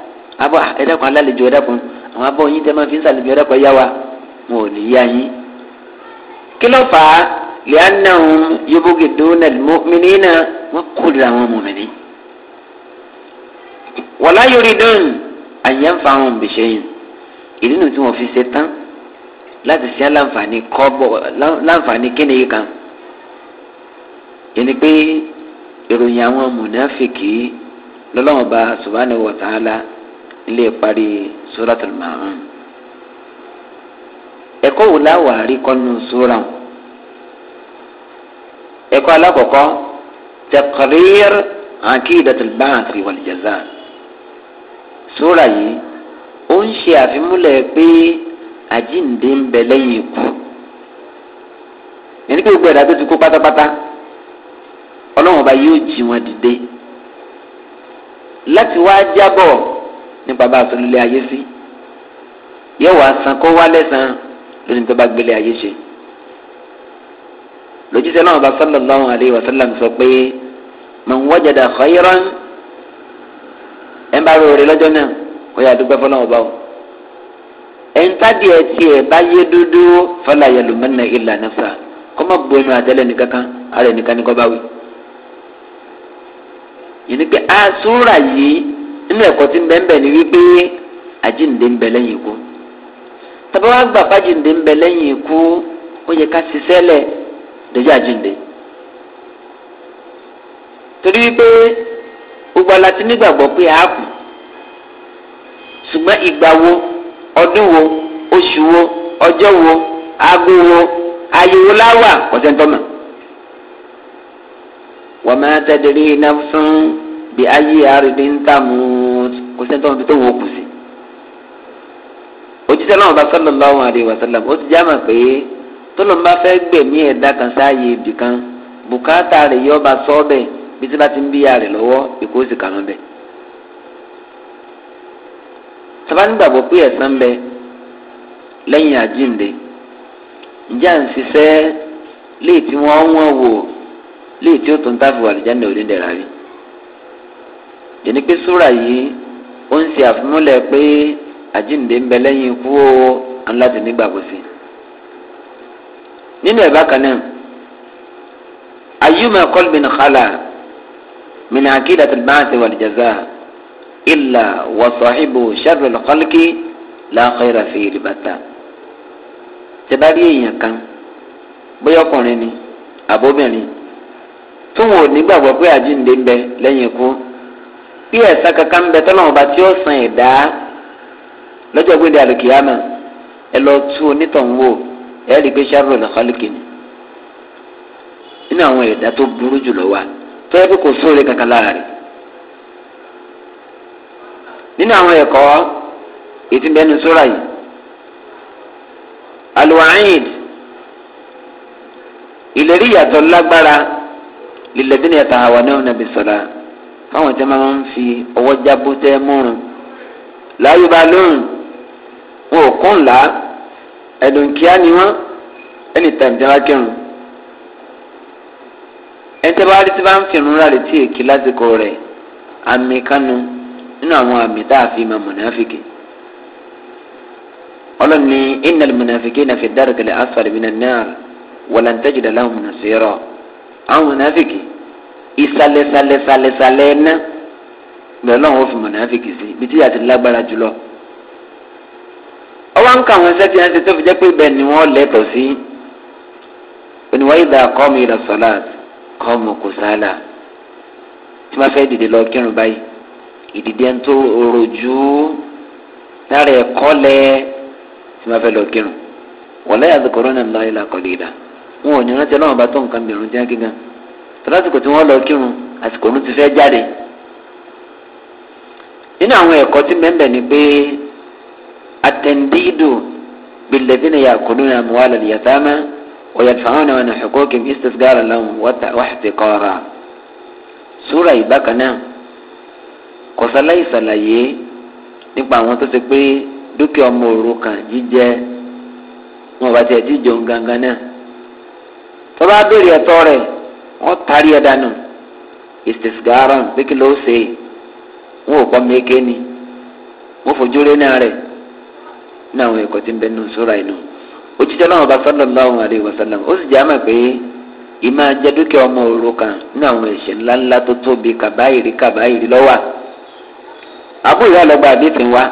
[SPEAKER 1] abọ́ ẹ̀dẹ́kun alálejò ẹ̀dẹ́kun àwọn abọ́ yín tẹ́ máa fi ń sàlejò ẹ̀dẹ́kun yá wa wọn ò ní yá yín. kí ló fà á lẹ́yìnáhùn yóbóge dóná mọ́mìnínà wọ́n kórìíra àwọn mọ̀mìnín. wọ́lá yorì dán àyànfà àwọn bìṣẹ́ yìí ìdí nu tí wọ́n fi ṣe tán láti ṣe láǹfààní kọ́bọ̀ láǹfààní kíni yìí kan. yẹni pé ìròyìn àwọn mùnáfìkì lọ́lọ́wọ́n subhanahu wa ta'ala ilé parí suratul ma'un ẹ̀kọ́ wò láwàá rí kọ́nù sura ẹ̀kọ́ alákọ̀ọ́kọ́ taqrir akidatul ba'ath wal jaza sura yìí ó ń ṣe àfimúlẹ̀ pé àjíǹde ń bẹ lẹ́yìn ikú ẹni pé gbogbo ẹ̀dá tó ti kú pátápátá ọlọ́run ọba yóò jí wọn dìde láti wá jábọ̀ nípa bá a sọ lulẹ̀ ayé sí yóò wá san kó wá lẹ́sàn-án lónìí tó bá gbélé ayé ṣe lójúṣe náà bá sallallahu alayhi wa sallam sọ pé mọ̀ ń wọ́jàdà khayran ẹ̀ ń bá rò rè lọ́jọ́ náà ó yà dúpẹ́ fọlọ́wọ́ báwò ẹ̀ ń tádì ẹ̀ tiẹ̀ bá dúdú fọlá yẹlòmínà ìlà nafsa kọ́ mọ̀ bu ẹnu àtẹ́lẹ̀ nìkan kan ara ẹnìkan ni kọ́ bá wí. yìí ni pé àsúrà yìí. nínú ẹ̀kọ́ tí ń bẹ́ ń bẹ̀ ni wípé àjíǹde ń bẹ lẹ́yìn ikú tàbí wàá gbà fájíǹde ń bẹ lẹ́yìn ikú ó yẹ ká ṣiṣẹ́ lẹ̀ dèjọ́ torí wípé gbogbo nígbàgbọ́ pé a kù ṣùgbọ́n ìgbà wo ọdún wo oṣù wo ọjọ́ wo aago wo ayòwò láwà ọ̀sẹ̀ntọ́mọ̀ wọ́n máa tẹ̀lé fún bí ayé kò sẹ́ni tó ń tó wọ́n kù sí. òjíṣẹ́ náà bá sọ́nà lọ́wọ́ àdé wàsálàm ó ti já mà pé tọ́lọ́n bá fẹ́ gbẹ̀mí ẹ̀dá kan sáàyè ibì kan bùkátà rẹ̀ yọ ọba sọ́ọ̀bẹ̀ bí tí bá ti ń bí ya rẹ̀ lọ́wọ́ èkó sì kà mọ́ bẹ̀. sábà nígbàgbọ́ pé ẹ̀sán bẹ lẹ́yìn àjíǹde ìjà ń ṣiṣẹ́ léè tí wọ́n wọ́n wò léè tí ó tó ń tàbí wà lìjáde òde dẹ̀ra yẹnni pé súrà yìí ó ń ṣe àfimúlẹ̀ pé àjíǹde ń bẹ lẹ́yìn ikú o àwọn láti nígbàgbọ́ sí i. nínú ẹ̀bá kan náà ayuma kolbin khala min akida tilbaasi wal jaza illa wa sahibu sharri lqalki la khayra fi ribata. tẹ́bárí èèyàn kan bóyá ọkùnrin ni àbóbìnrin tó wọn ò nígbàgbọ́ pé àjíǹde ń bẹ lẹ́yìn ikú o bí ẹ̀sán kankan bẹ tọ́lọ́ ọba tí ó san ẹ̀dá lọ́jọ́ gbé de àlùkìyàmà ẹ lọ tú onítọ̀hún wò ẹ rí pé sábà lọ kọ́lùkì ni nínú àwọn ẹ̀dá tó burú jùlọ wà tó yẹ kó kò sóore kankan lára rẹ̀ nínú àwọn ẹ̀kọ́ ètí bẹ́ẹ̀ni sóra yìí alwaid ìlérí yàtọ̀ lágbára lílẹ̀ àwọn náà nàbì sọ̀rọ̀ fáwọn tí wọ́n ń fi ọwọ́ jábọ́ tẹ́ mọ́rùn láyé bá lóhùn wọn ò kún là á ẹ̀dùn kíá ni wọ́n ẹni tàbí tí wọ́n bá kírun ẹ̀ńtẹ́ bá rí tí wọ́n ń fìrun rà létí èkì lásìkò rẹ̀ àmì kánú nínú àwọn àmì tá a fi mọ mọ̀nàfíkì ọlọ́ni ìnàlì mọ̀nàfíkì náà fi dárò kẹlẹ́ asfàlì mi náà wọ̀làntẹ́jì dàlá mọ̀nàfíkì ìsàlẹ̀sàlẹ̀sàlẹ̀sàlẹ̀ ẹ̀ná bẹ́ẹ̀ lọ́wọ́ fi mọ̀nàfíkì sí ibi tí yàtí lágbára jùlọ. ọwọ́ ń ka àwọn ẹsẹ́ tí wọ́n ti tó fi jẹ́ pé ibẹ̀ ni wọ́n lẹ́tọ̀ sí oníwáyé dà kọ́ mi ìlà sọ́lá kọ́ mọ̀ kò sálà tí wọ́n fẹ́ dìde lọ kírun báyìí ìdìde ń tó rojú lára ẹ̀kọ́ lẹ tí wọ́n fẹ́ lọ kírun wọ́n lẹ́yà àti kòrónà ńlá ìlà kọ́lé ìlà wọn ò ní tọ́lásìkò tí wọ́n lọ kírun àsìkò ló ti fẹ́ jáde nínú àwọn ẹ̀kọ́ tí mẹ́mbẹ̀ ni pé àtẹ̀ndídò bìlẹ̀dínà yà kúlú ní àmúwá lẹ́lẹ̀ yàtámá ọ̀yàtìfàwọn náà ní ẹ̀kọ́ kìí istis gára lọ́wọ́ wáṣítì kọ́ra súra ìbákan náà nípa àwọn tó ṣe pé dúkìá ọmọ òrukàn jíjẹ wọn bá tiẹ̀ jíjọ gangan náà tọ́ba béèrè ẹ̀tọ́ rẹ̀ wọ́n tarí ẹ̀ istisgaran bí kí ló ṣe wọn ò pọ́n méke ni wọ́n fojú rí náà rẹ̀ ní àwọn ẹ̀kọ́ tí ń bẹ nù sóra inú òjijì aláwọ̀ bá sallallahu alayhi wa sallam ó sì jẹ́ àmà pé ìmọ̀ ajẹ́ dúkìá ọmọ òru kan ní àwọn ẹ̀ṣẹ̀ ńláńlá tó tóbi kàbáyìrì kàbáyìrì lọ́wà àbú ìyá lọ́gbà àdìsí wa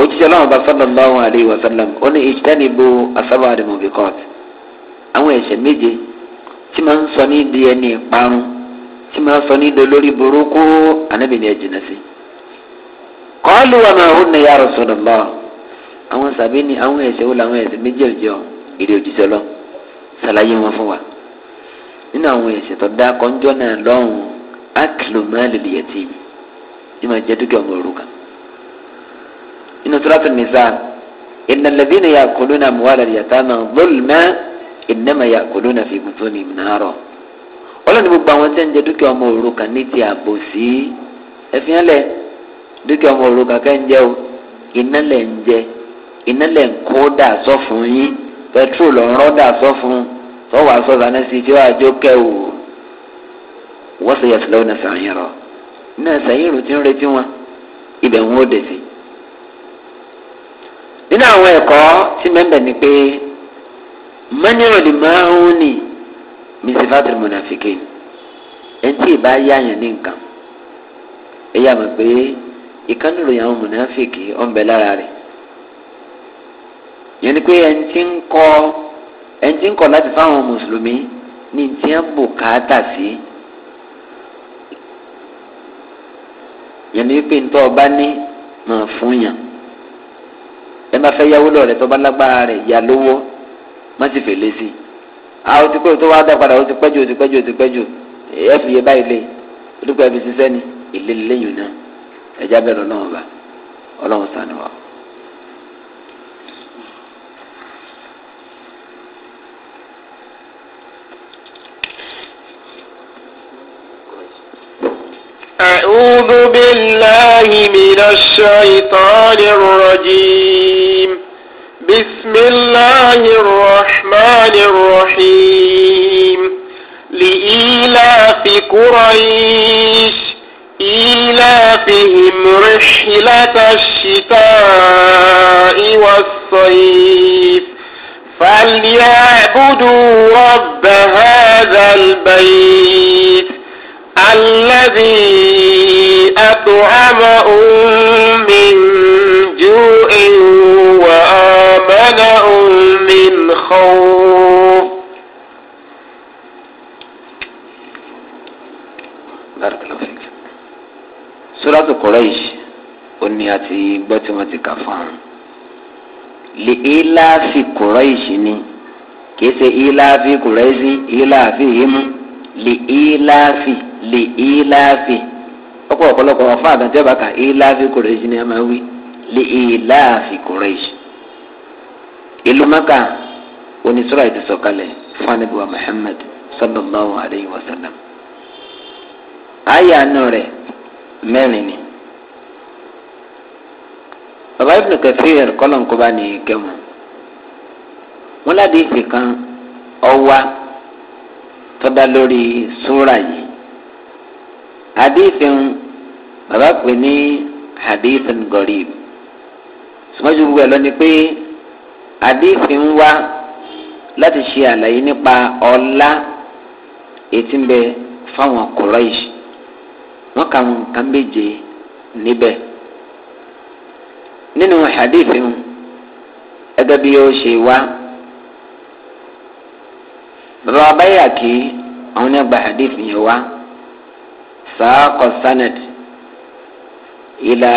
[SPEAKER 1] òjijì aláwọ̀ bá sallallahu alayhi wa ó ní ìṣẹ́nibó asábàdìmọ̀bìkọ́t àwọn ẹ̀ṣẹ̀ méje tí máa ń sọ ní di ẹni ìparun tí máa ń sọ ní di olórí burúkú ànábì ni ẹ jìnnà sí. kọ́ọ̀lù wà máa hún ní ya rọ̀sọ̀rọ̀ lọ àwọn sàbí ni àwọn ẹ̀sẹ̀ wo làwọn ẹ̀sẹ̀ méjèèjì ọ̀ ìdí òjíṣẹ́ lọ ṣàlàyé wọn fún wa nínú àwọn ẹ̀sẹ̀ tó dá kọ́njọ́ náà lọ́hùn ákìlò máa lè lìyẹ̀ tì í máa jẹ́ dúkìá ọmọ òrùka nínú tó nìsa ìnàlẹ́bí ni yà kúlú náà mú wà lálẹ́ yàtá náà lólùmẹ́ẹ́ inama ya kòló fi gbogbo ní ìmúnárọ̀ ọlọ́ni gbogbo àwọn tẹ́ ń jẹ dúkìá ọmọ òrukàn ní ti àbò sí ẹ̀fín ọmọ òrukàn ka ń jẹ o iná lẹ̀ ń jẹ iná lẹ̀ ń kó dà sọ fún yín sọ fún sọ́wọ́ àsọ̀rọ̀ náà sì fi wá àjọ kẹ́wò wọ́n sì yẹ náà sàn yín rọ wọn ibẹ̀ ń sí. nínú àwọn ẹ̀kọ́ tí mọ́nyẹ́rọ̀ lè máa ń ní mísífàtì mọ̀nàfíkè ẹ̀ńtí ìbá yáyàn ní nǹkan ẹ̀yà mọ̀ pé ìkánúrò yàn án mọ̀nàfíkè ọ̀nbẹ lára rẹ̀ yẹn ni pé ẹ̀ńtí ń kọ́ ẹ̀ńtí ń kọ́ láti fáwọn mùsùlùmí ní ti ń bùkátà sí yẹn ni pé ntọ́ ọba ní mọ̀ fún yàn ẹ má fẹ́ yáwó lọ́rẹ̀ tọ́ lágbára rẹ̀ yà lówó má ti fèlè sí a ó ti pé tó wá dá padà ó ti pẹ́jù ó ti pẹ́jù ó ti pẹ́jù ẹ fi yé báyìí lé olùkọ́ ẹ fi ṣiṣẹ́ ni ìlé lẹ́yìn náà ẹja bẹ́ẹ̀ lọ́nà ọba ọlọ́run sànù wa. أعوذ بالله من الشيطان الرجيم بسم الله الرحمن الرحيم لإيلاف قريش إيلافهم رحلة الشتاء والصيف فليعبدوا رب هذا البيت الذي أطعمهم منع من خوف بارك الله فيك سورة قريش أنياتي àti gbọ́ tí wọ́n ti kà fún un lè íláàfì kùrẹ́ẹ̀ṣì ni kìí ṣe íláàfì kùrẹ́ẹ̀ṣì íláàfì yìí mú lè íláàfì lè íláàfì ọ̀pọ̀ ọ̀pọ̀lọpọ̀ ọ̀fọ̀ àgàntẹ́bàkà íláàfì kùrẹ́ẹ̀ṣì ni a máa wí lè íláàfì kùrẹ́ẹ̀ṣì ìlú maka onísọ́ra ti sọ̀kalẹ̀ fún anabiwa muhammad sallallahu alayhi wa sallam àyà àánú rẹ̀ mẹ́rin ni baba ibn kathir kọ́lọ̀ nkọ́ba ní kẹ́mu wọn láti ìfì kan ọwa tọ́da lórí súra yìí àdéhìfẹ́ baba pè ní àdéhìfẹ́ gọ̀rìb sọ́jú gbogbo ẹ̀ lọ́ni pé àdéhìí ń wá láti ṣe àlàyé nípa ọlá ètí ń bẹ fáwọn kọ̀rọ̀ìṣ wọ́n kà wọn nǹkan méje níbẹ̀ nínú àdéhìí ń ẹgbẹ́ bí ó ṣe wá bàbá abáyà kí àwọn ẹgbà àdéhìí yẹn wá sàákọ̀ sanad ìlà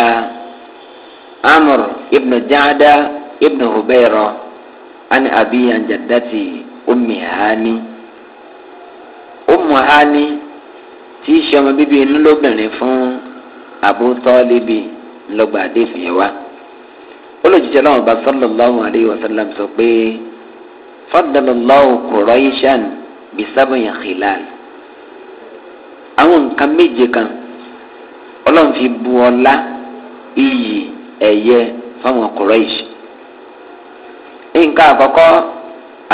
[SPEAKER 1] amr ibn jaada ibn hubeiro an abi an jaddati ummi hani ummu hani tí í ṣe ọmọ bíbí inú lóbìnrin fún abu tọ́líbi lọ́gbà àdéfìyẹ wa olùjíjẹ náà bá sọlọ́láhùn àdéhìí wasalam sọ pé fọdọ̀lọ́láhùn kùrọ̀ ishan bisabuyan khilal àwọn nǹkan méje kan ọlọ́run fi bu ọlá iyì ẹ̀yẹ fáwọn kùrọ̀ ish nǹkan àkọ́kọ́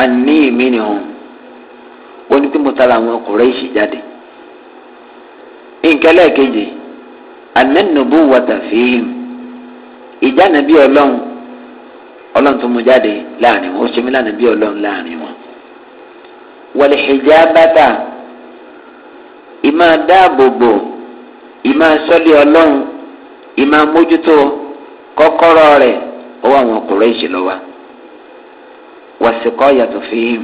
[SPEAKER 1] àní mi ni òun wọ́n ní pé mo tara àwọn ọkùnrin ìṣì jáde nǹkan lẹ́ẹ̀kejì ànẹ́nubú wàtàfíìm ìjánu bí ọlọ́run ọlọ́run tó mu jáde láàrin wọn ó ṣe mí lánàá ọlọ́run láàrin wọn wàlẹ̀ ìjà bàtà dáàbòbò ọlọ́run mójútó kọ́kọ́rọ́ rẹ̀ ó wàsíkọ́ yàtọ̀ fíìm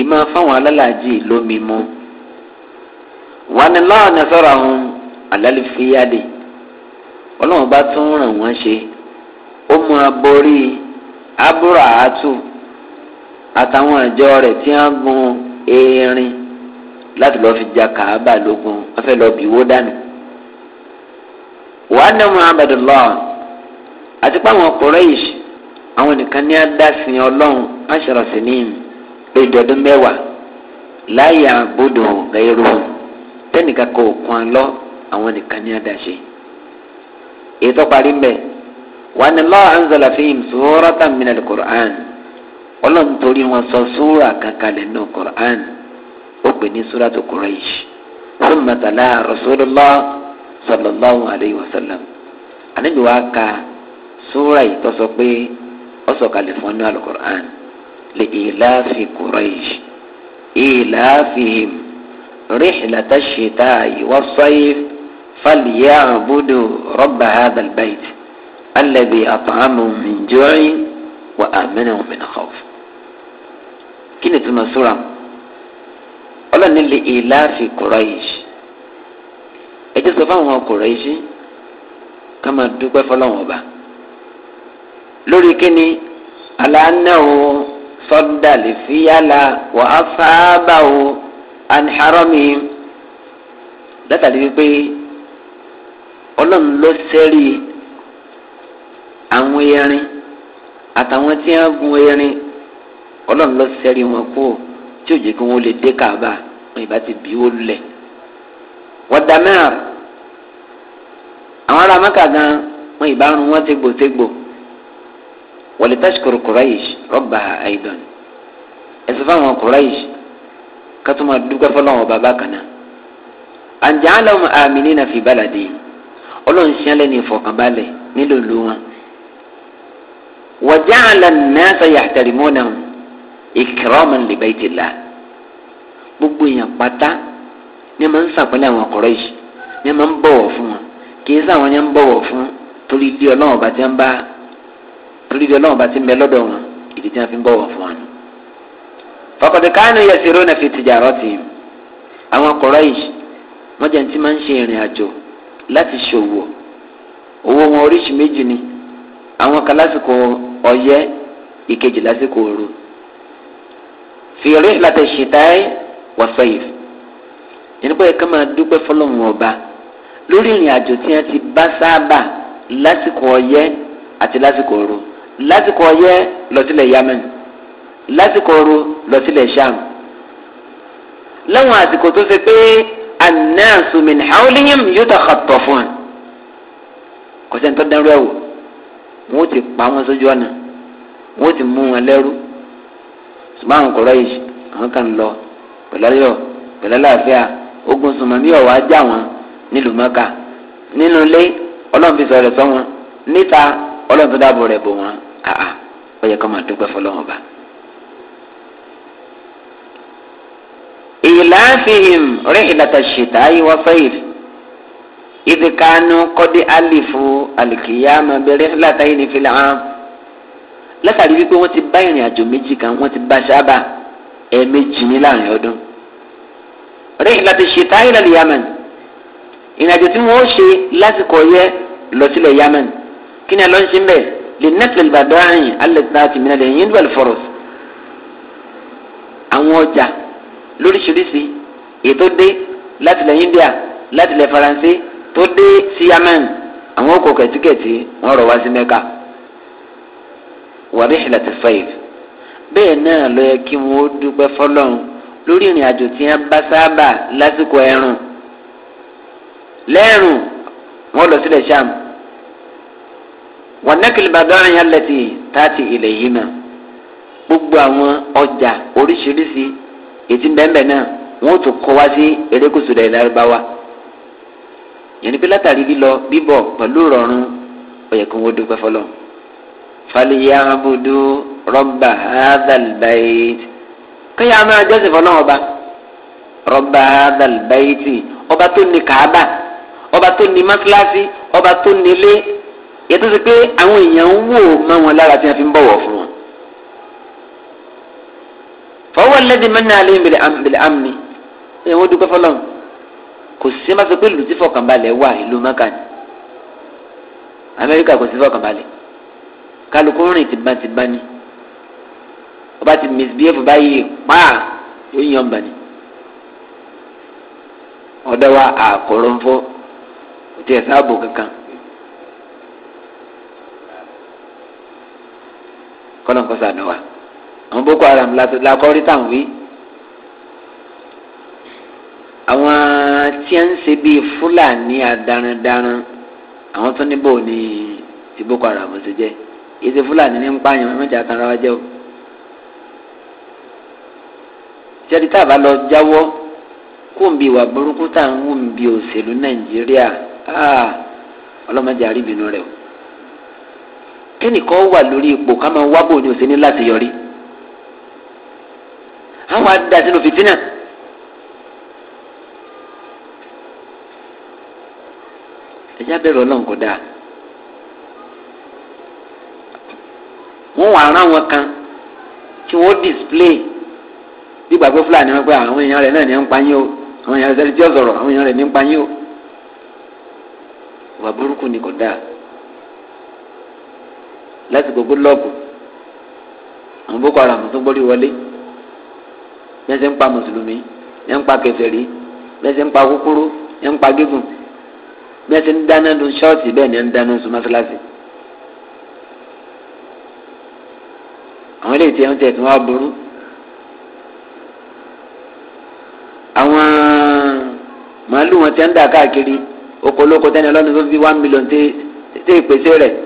[SPEAKER 1] ìmọ̀ fáwọn alálàájì lómi mu wọn ni lọ́wọ́ ní sọ̀rọ̀ àwọn alálìfíyàdì ọlọ́run bá tún ràn wọ́n ṣe ó mú aborí abúrò àátù àtàwọn àjọ rẹ̀ tí wọ́n gun erin láti lọ́ọ́ fi ja kàába lógun wọ́n fẹ́ lọ́ọ́ bìwó dànù. wàá ní muhammed lọ́ọ̀ àti pàwọn kùrẹ́yìí àwọn nìkan ní adásin ọlọ́run aṣọ̀rọ̀sìn ní ìgbẹ́jọ ọdún mẹ́wàá láyà gbódò gẹ́rù tẹ́nìkan kò kàn lọ àwọn nìkan ní adáṣe. èyí tó parí mbẹ wà ní lọ́wọ́ anzala fíìm sùúrọ́tà mìíràn kùrán ọlọ́run torí wọn sọ sùúrà kankanlẹ̀ nù kùrán ó pè ní sùúrà tó kúrẹ́ yìí fún mẹ́tàlá rasulillah sallallahu alayhi wa sallam àníbi wàá ka sùúrà yìí tó sọ ọsọ kaliforni alukur'an lè ìlàfi kuraish ìlàfihim rìḥlata ṣètàyí wasayif falyabudu rọba hadal bayt alẹ́bi àtàmù mìjọ́rin wà àmìnà òmìnà xọ́f. kí ni tuma sura ọlọ́ni lè ìlàfi kuraish ẹ jẹ́ sọ fún àwọn kuraish kama dúpẹ́ fọlọ́wọ́n ọba lórí kíni aláǹnáwó sọ́dàlì fíyàlà wà á sábàwò anharami látàlí wípé ọlọ́run ló sẹ́rí àwọn erin àtàwọn tí wọ́n gun erin ọlọ́run ló sẹ́rí wọn kú tí ò jẹ́ kí wọ́n lè dé kàbá wọn ìbá ti bí wọ́n lẹ̀ wọ́n mẹ́rin àwọn ará mẹ́ka gan wọn ìbá rún wọn tégbòtégbò wọlé tashkuru kuraish rọba aidan ẹsẹ fáwọn kuraish kátó máa dúpẹ́ fọlọ́wọ́ bàbá kanáà àǹjẹ́ àlọ́mù àmìlí náà fi bàlàdé ọlọ́run ṣẹlẹ̀ ní ìfọ̀kànbalẹ̀ nílò ìlú wọn. wọ́jà àlà nàásà yàtàrí mọ́nà ìkìrọ́mù lìbẹ́ ìtìlá gbogbo èèyàn pátá ní ma ń sàpẹ́lẹ̀ àwọn kuraish ní ma ń bọ̀wọ̀ fún wọn kì í sáwọn ní ń bọ̀wọ̀ fún torí di ọlọ́run bàtí ń bá torí de lọ́wọ́ bá ti ń bẹ lọ́dọ̀ wọn ìdí tí wọ́n fi ń bọ̀wọ̀ fún wọn. fọkàtí káànù yẹsẹ̀ rona fi tìjàrọ̀ tì í àwọn kọ̀rọ̀yì wọ́n jẹ́ ti máa ń ṣe ìrìn àjò láti ṣòwò owó wọn oríṣi méjì ni àwọn kan lásìkò ọyẹ ìkejì lásìkò ooru fìrí láti ṣìtáì wọ̀sọ̀yì nípa ẹ̀ka máa dúpẹ́ fọlọ́run ọba lórí ìrìn àjò tí wọ́n ti bá sáábà lásìkò ọyẹ àti lásìkò ooru lásìkò ọyẹ lọtílẹ̀ yemen lásìkò ooru lọtílẹ̀ sham láwọn àsìkò tó ṣe pé anaasu min hawlihim yóò xatọ fún un kò sẹ́ni tó dánrú ẹ̀ wò wọ́n ti pa wọn sójú ọ̀nà wọ́n ti mú wọn lẹ́rú ṣùgbọ́n àwọn kọ̀ọ̀rọ̀ yìí àwọn kan lọ pẹ̀lọ́yọ̀ pẹ̀lọ́láàfíà ogun sùnmọ̀mí ọ̀wá já wọn nílùú mọ́ka nínú ilé ọlọ́run fi sọ̀rọ̀ sọ wọn níta ọlọ́run tó dáàbò rẹ̀ bò wọn àà ah, ah. ó yẹ ká máa dúpẹ́ fọlọ́wọn ọba. ìlàáfihìm rìhìlàtà ṣètà ayíwá fẹ́yìr ìdìkanu kọ́dí àlìfù àlìkìyàmà bẹ̀rẹ̀ rìhìlàtà yìí ní fìlà hàn. látàrí wípé wọ́n ti bá ìrìn àjò méjì kan wọ́n ti bá sábà ẹ̀ẹ̀mejì ní láàrin ọdún. rìhìlàtà ṣètà ayíwá lìyàmà ìrìn àjò tí wọ́n ṣe lásìkò yẹ lọ sílẹ̀ yàmà kí ni a lọ ṣe ń bẹ̀ للنقل البضائع التي من الهند والفرس àwọn ọjà lóríṣiríṣi ètò dé láti ilẹ̀ India láti ilẹ̀ Faransé tó dé sí Yemen àwọn ọkọ̀ kẹ̀tíkẹ̀tí wọ́n rọ̀ wá sí Mẹ́kà wàbí ìlàtí sọ́yìn bẹ́ẹ̀ náà ló yẹ kí wọ́n dúpẹ́ fọlọ́run lórí ìrìn àjò tí wọ́n bá sábà lásìkò ẹ̀rùn lẹ́ẹ̀rùn wọ́n lọ sílẹ̀ Ṣáàmù wọn nẹ́kìlì bàbá àyàn alẹ́tì táàtì ilẹ̀ yìí náà gbogbo àwọn ọjà oríṣiríṣi ètí bẹ́ẹ̀ náà wọ́n tún kọ́ wá sí erékùsù rẹ̀ lárúbáwá yẹnni pé látàrí lílọ bíbọ̀ pẹ̀lú rọrùn ọ̀yẹ̀kùn wo dúpẹ́ fọlọ́ fàlìyàbùdù rọ́bà ádàlbáyìt kéèyàn máa jọ́sìn fọlọ́ ọba rọ́bà ádàlbáyìtì ọba tó ní kàábà ọba tó ní mọ́sálásí ọba tó nílé yẹtọ́ sí pé àwọn èèyàn ń wò mọ́ wọn lára tí wọ́n fi ń bọ̀wọ̀ fún wọn. fọwọ́ lẹ́dí mẹ́rin náà lẹ́yìn bẹ̀rẹ̀ amúni ẹ̀yìn wọ́n dúpẹ́ fọlọ́n kò sí má sọ pé ìlú tí fọkànbalẹ̀ wà ìlú mẹ́ka ni amẹ́ríkà kò sí fọkànbalẹ̀ kálukú rìn tìbátìbá ni ọba ti misbehave báyìí pàà yóò yan bani ọ̀dọ̀ wa àkọ́rọ̀ ń fọ́ kò tiẹ̀ sáàbò kankan. kọ́nà kọ́ sànù wa àwọn boko haram lakọ́rí tàn wí àwọn tí a ń ṣe bíi fúlàní adarandaran àwọn tó níbò ní ti boko haram ṣe jẹ́ èsì fúlàní ní ń pààyàn mẹ́ta kan ra wa jẹ́ o jẹ́ni tá a bá lọ jáwọ́ kó n bí ìwà burúkú tá à ń wù ń bí òṣèlú nàìjíríà ọlọ́mọdé àríbìnú rẹ̀ o kẹ́nìkan wà lórí ipò ká máa wá bò ní òsè ní láti yọrí àwọn adá sínú fìtínà. ẹja bẹ̀rẹ̀ ọlọ́run kò dáa wọ́n wà ara wọn kan tí wọ́n display bí gbàgbé fúlàní wọn pé àwọn èèyàn rẹ̀ náà ní ń pa yín o àwọn èèyàn rẹ̀ sẹ́ni tí sọ̀rọ̀ àwọn èèyàn rẹ̀ ní ń pa yín o ìwà burúkú ni kò dáa lásìkò búlọ́ọ̀gù àwọn boko haram tó gbórí wọlé lẹ́sẹ̀ ń pa mùsùlùmí ẹ̀ ń pa kẹfẹ́rí lẹ́sẹ̀ ń pa kúkúrú ẹ̀ ń pa gígùn lẹ́sẹ̀ ń dáná dun ṣọ́ọ̀tì bẹ́ẹ̀ ni ẹ̀ ń dáná sun mọ́ṣáláṣí. àwọn ilé ìtì ẹ̀ ń tẹ̀ tí wọ́n á burú. àwọn màálù wọn ti ń dà káàkiri okoloko tẹ́ni ọlọ́run tó fi one million tẹ́ ìpèsè rẹ̀.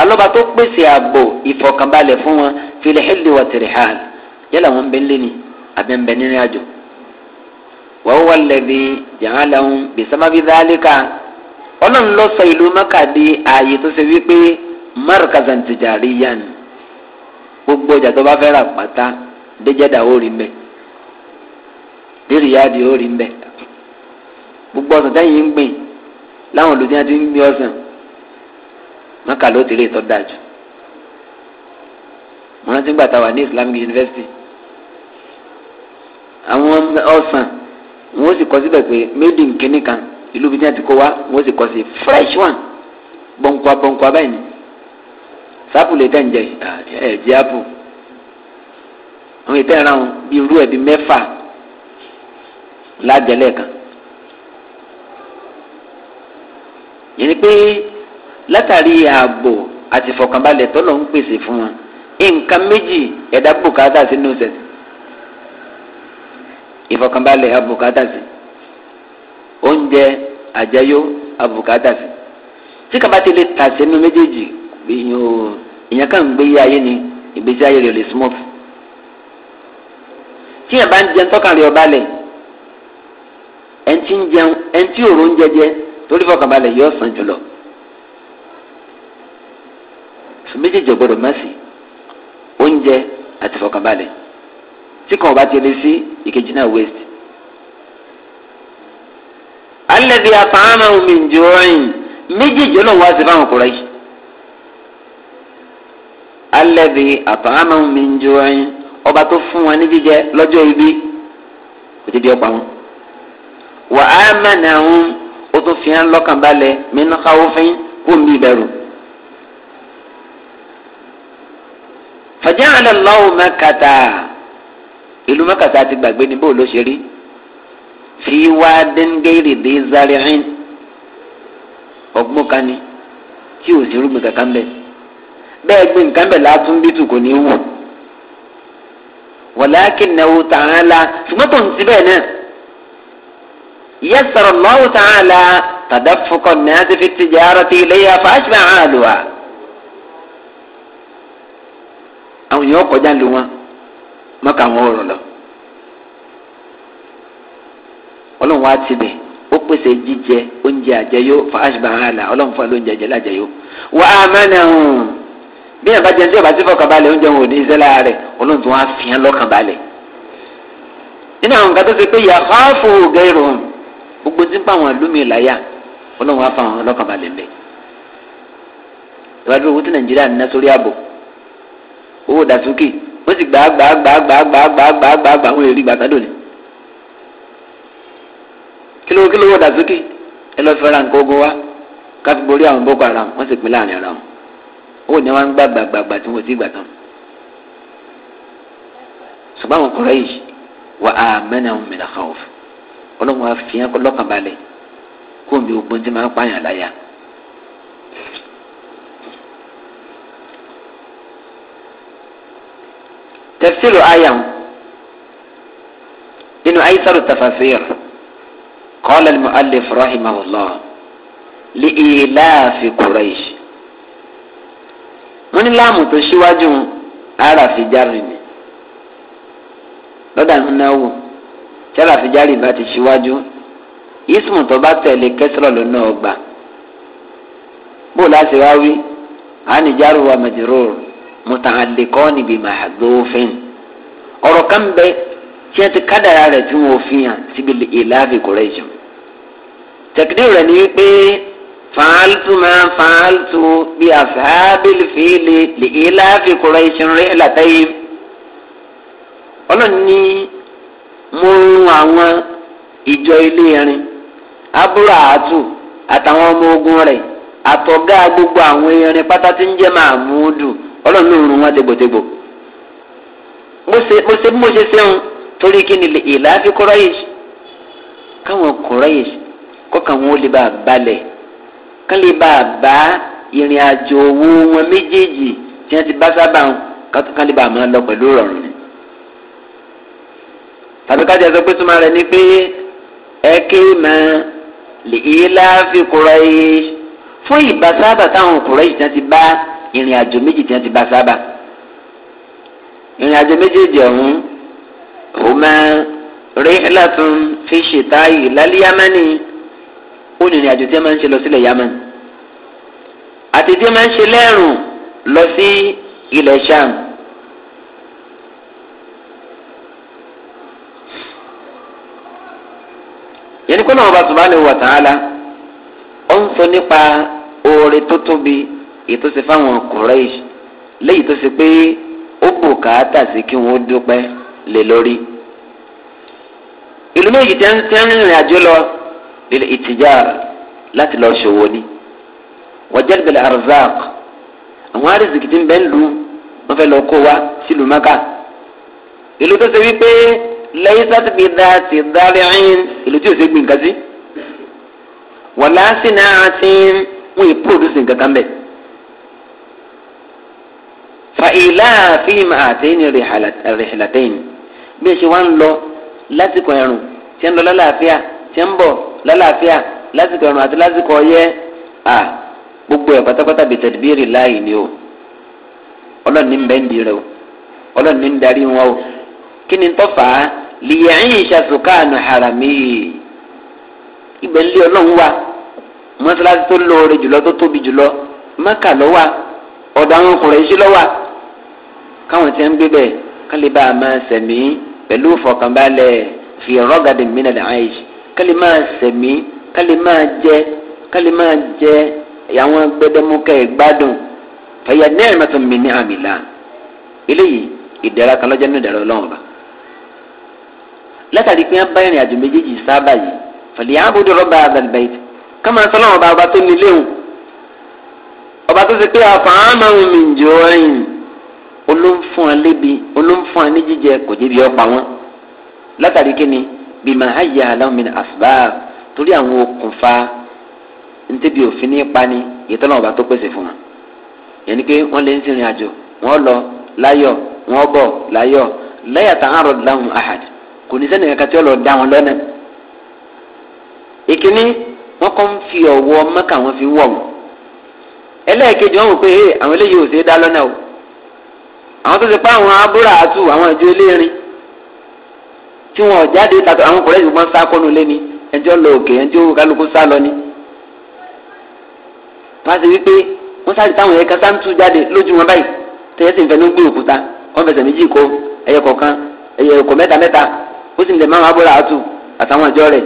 [SPEAKER 1] alọba tó pèsè ààbò ìfọkànbalẹ̀ fún wọn filẹ hẹlẹ wà tẹrẹ hàn yálà wọn bẹ lẹni abẹnbẹ nínú àjò wàá wà lẹbi jàǹdàhùn bisámábí dálíkà ọlọ́run lọ sọ ìlú mẹ́ka di ààyè tó ṣe wípé markazan tijari yan gbogbo ọjà tó bá fẹ́ rà pátá déjẹ́dà ó rí mbẹ́ dérìyáàdì ó rí mbẹ́ gbogbo ọ̀sán táyì ń gbìn láwọn olùdíyàn ti ń gbìn ọ̀sán mọ́kà ló ti rí ìtọ́ dájú mo rántí gbà tá a wà ní islamic university àwọn ọ̀sán wọn ó sì kọ síbẹ̀ pé made in kínní kan ìlú bíi tí wọ́n kó wá wọn sì kọ sí fresh one bọ̀nkọ́ bọ̀nkọ́ báyìí ni sáàpù lè tẹ̀ ń jẹ ẹ̀ jẹ́ àpù àwọn ìtẹ̀ ẹ̀ràn bíi irú ẹ̀ mẹ́fà lájẹ̀lẹ̀ kan yẹn ni pé látàrí ààbò àti ìfọ̀kànbalẹ̀ tọ́lọ̀ ń pèsè fún wọn nǹkan méjì ẹ̀dá bùkátà sí nùsẹ̀ ìfọ̀kànbalẹ̀ àbùkátà sí oúnjẹ àjẹyó àbùkátà sí tí kaba ti lè tà sínú méjèèjì ìyẹn kan ń gbé ayé ni ìgbésí ayé rẹ̀ lè smooth tí yẹn bá ń jẹun tọ́kàn rẹ̀ ọba lẹ̀ ẹ̀ńtí ń jẹun ẹ̀ńtí òrò ń jẹjẹ torí fọkànbalẹ̀ yóò sàn jùlọ méjèèjì ọgbọdọ má sí oúnjẹ àti fọkànbalẹ̀ tí kan ọba ti lè sí ìkejì náà waste. alẹ́ bíi apáhánà omi ìjọ ọ̀yìn méjèèjì ọlọ́run wá sí fáwọn ọkùnrin yìí. alẹ́ bíi apáhánà omi ìjọ ọ̀yìn ọba tó fún wọn ní jíjẹ lọ́jọ́ ibi kò ti di ọ̀pá wọn. wà á mẹ́nà ọ̀hún ó fi hàn lọ́kànbalẹ̀ mí ní káwọ́ fín kó mi bẹ̀rù. fàjà àlọ́lọ́wọ́ mẹ́kàtà ìlú mẹ́kàtà ti gbàgbé ní bó ló ṣe rí fi wá dẹ́ngẹ́rì dé zarihin ọgbọ́n kan ni tí ò sí rúgbìn kankan bẹ́ẹ̀ bẹ́ẹ̀ gbé nǹkan bẹ́ẹ̀ látún bí tù kò ní wù wàlákin náwó tàn án la ṣùgbọ́n tó ń ti bẹ́ẹ̀ náà yẹ́sọ̀rọ̀ lọ́wọ́ tàn án la tàdáfọ́kọ̀ náà ti fi tìjà ara ti ilé yà fàáṣì máa hàn lùwà. àwọn èèyàn kọjá lu wọn mọ́kà wọn ọ̀rọ̀ lọ. ọlọ́run wá ti bẹ̀ ó pèsè jíjẹ oúnjẹ àjẹyó fa àṣìbà àlà ọlọ́run fún àlóúnjẹ àjẹ lájẹyó. wà á mẹ́nà hùn bí yàrá jẹun tí yàrá ti fọkàn balẹ̀ oúnjẹ wọn ò ní iṣẹ́ rẹ̀ ọlọ́run tó wá fi lọ́kàn balẹ̀. nínú àwọn nǹkan tó ṣe pé yàrá fò gẹ̀rù gbogbo tí ń pa àwọn àlùmí ìlàyà ọlọ́run wá fa àwọn lọ́kàn balẹ̀ bẹ́ẹ̀ ìwádìí owó tí nàìjíríà ń ná sórí ààbò owó dasuki, sókè wọ́n sì gbà gbà gbà gbà gbà gbà gbà gbà gbà wọ́n èrì gbàtà dòní. kílówó kílówó dà sókè ẹ lọ fẹ́ràn nǹkan ogun wa káfí borí àwọn boko haram wọ́n sì pín láàrin ara wọn owó ni wọ́n ń gbà gbà gbà gbà tí wọ́n ti gbà tán. ṣùgbọ́n àwọn kọ̀ọ̀rọ̀ yìí wà á mẹ́nà mìíràn kan òfin ọlọ́run wa fi hàn lọ́kànbalẹ̀ kó omi ogun ti máa ń pààyàn láyà. tafsiru aya ho inu aisaru tafasir qala almuallif rahimahullah liilaafi quraish wọn ní láàmù tó ṣíwájú aráàfijárì ni lọ́dà nínú wò tí aráàfijárì bá ti ṣíwájú ismu tó bá tẹ̀lé kẹsìrọ̀ lónà ọgbà bó láti wá wí àánìjárò wa mẹjìrò rẹ̀. mùtàhàndìkọ́ni bíi màdófin ọ̀rọ̀ kan bẹ tí wọ́n ti kádàrá rẹ̀ tí wọ́n fi hàn síbi ìlàfi kùrẹ́jù tẹ̀kídì rẹ̀ ni pé fàáltù máa fàáltù bíi àfáàbìlì fìlì ìlàfi kùrẹ́jù rẹ̀ látàyè ọlọ́ni mo rún àwọn ìjọ ilé irin abúlé àátù ọmọ ogun ga irin ọlọ́run ló rún wọn dégbòdégbò mo ṣe bí mo ṣe ṣeun torí kí ni ìlà fi kọ́ra yìí káwọn kọ́ra yìí kọ́ka wọn ó lè bá a balẹ̀ kán lè bá a bá ìrìn àjò owó wọn méjèèjì tí wọ́n ti bá sábà kán lè bá a máa lọ pẹ̀lú rọrùn ni. tàbí ká jẹ́ sọ pé súnmọ́ rẹ̀ ni pé ẹ ké máa lè fi kọ́ra yìí fún ìbásábà táwọn kọ́ra yìí tí ti bá a ìrìn àjò méjì tí wọ́n ti bá sábà ìrìn àjò méjèèjì ọ̀hún ọmọ rẹ́hìnlátún fi ṣètà yìí lálẹ́ yámánì ó nìrìn àjò tí wọ́n máa ń ṣe lọ sílẹ̀ yámánì àti tí wọ́n máa ń ṣe lẹ́rùn lọ sí ilẹ̀ sham. yẹn ni kọ́nà ọba tùmánì wọ̀tá á la ó ń sọ nípa oore tó tóbi èyí tó ṣe fáwọn kùrẹ́ẹ̀ṣì léyìí tó ṣe pé ó kò káàtà sí kí wọ́n dúpẹ́ lé lórí. ìlú méjì tẹ́ ń tẹ́ ń rìnrìn àjò lọ lílẹ̀ ìtìjà láti lọ ṣòwò ni wọ́n jẹ́ ìbẹ̀lẹ̀ arzak àwọn arìsìkì ti ń bẹ́ẹ̀ lù wọ́n fẹ́ lọ kó wa sílùú mẹ́ka ìlú tó ṣe wípé lẹ́yìn sátìpì dá ti dárí ẹ̀yìn ìlú tí ò ṣe gbìn kan wọ́n láásì náà wọ́n yìí fa ìlà fíìmù àtẹ́yìn rìhìlàtẹ́yìn bí ẹ ṣe wá ń lọ lásìkò ẹ̀rùn tí ń lọ lálàáfíà tí ń bọ̀ lálàáfíà lásìkò ẹ̀rùn àti lásìkò ọyẹ́ à gbogbo ẹ̀ pátápátá bíi tẹ̀díbírì láàyè ni o ọlọ́run ní bẹ́ẹ̀ ń di rẹ o ọlọ́run ní ń darí wọn o kí ni tọ́fà á lìyẹ̀yìn ìṣàsùkáànù haramí ibẹ̀ ń lé ọlọ́run wa mọ́sálásí tó lóore jùlọ tó tóbi jùlọ mọ́kà lọ́wà ọ̀dọ̀ àwọn ọkùnrin ṣí lọ́wà káwọn tí ń gbé bẹ́ẹ̀ kálí bá a máa sẹ̀mí pẹ̀lú ìfọ̀kànbalẹ̀ fi rọ́gàdì mìíràn àìsí kálí máa sẹ̀mí kálí máa jẹ kálí máa jẹ àwọn gbẹdẹmúkẹ́ ìgbádùn fẹ̀yà ní ẹ̀rọ mẹ́tọ́ mi ní àmì là eléyìí ìdẹ̀ra kan lọ́jọ́ ní ìdẹ̀ra ọlọ́run bá látàrí pé wọ́n bá ìrìn àjò méjèèjì sábà yìí fẹ̀lẹ́ àbúdó rọ́bà àdàlbẹ̀t kámá sọ́lọ́run ọba ọba tó nílé òun ọba tó ti pé àfààmà omi ìjọ ẹ̀yìn. olóńfún alébi olóńfún aníjíjẹ kò jẹbi ọpa wọn látàrí kíni bímọ ayé aláwọmìnira àsùbá torí àwọn okùnfà ntẹbi òfin ní pani ìtọ́nà ọba tó pèsè fún wa ni pé wọ́n lè ń sìnrìn àjò wọ́n lọ láyọ̀ wọ́n bọ̀ láyọ̀ láyà tá àárọ̀ láwọn ahad kò ní sẹ́ni kankan tí ó dá wọn lọ́nà ìkíní wọ́n kọ́ ń fi mẹ́ka wọn fi wọ̀ wọn o. àwọn tó ti pa àwọn abúlé àtù àwọn ìjọ eléyìí tí wọn jáde tàbí àwọn kọ̀ọ̀rẹ́ yìí wọ́n sá kọ́nu lé ní ẹjọ́ lọ òkè ẹjọ́ kálukú sá lọ ní. wọ́n ti wí pé wọ́n sáré táwọn ẹ̀ka sáńtú jáde lójú wọn báyìí tẹ̀yẹ́ sì ń fẹ́ ní gbé òkúta wọ́n fẹsẹ̀ méjì kó ẹyẹ kọ̀ọ̀kan ẹyẹ ẹ̀kọ́ mẹ́ta mẹ́ta ó sì ń lẹ̀ máwọn abúlé àtù àtàwọn ìjọ rẹ̀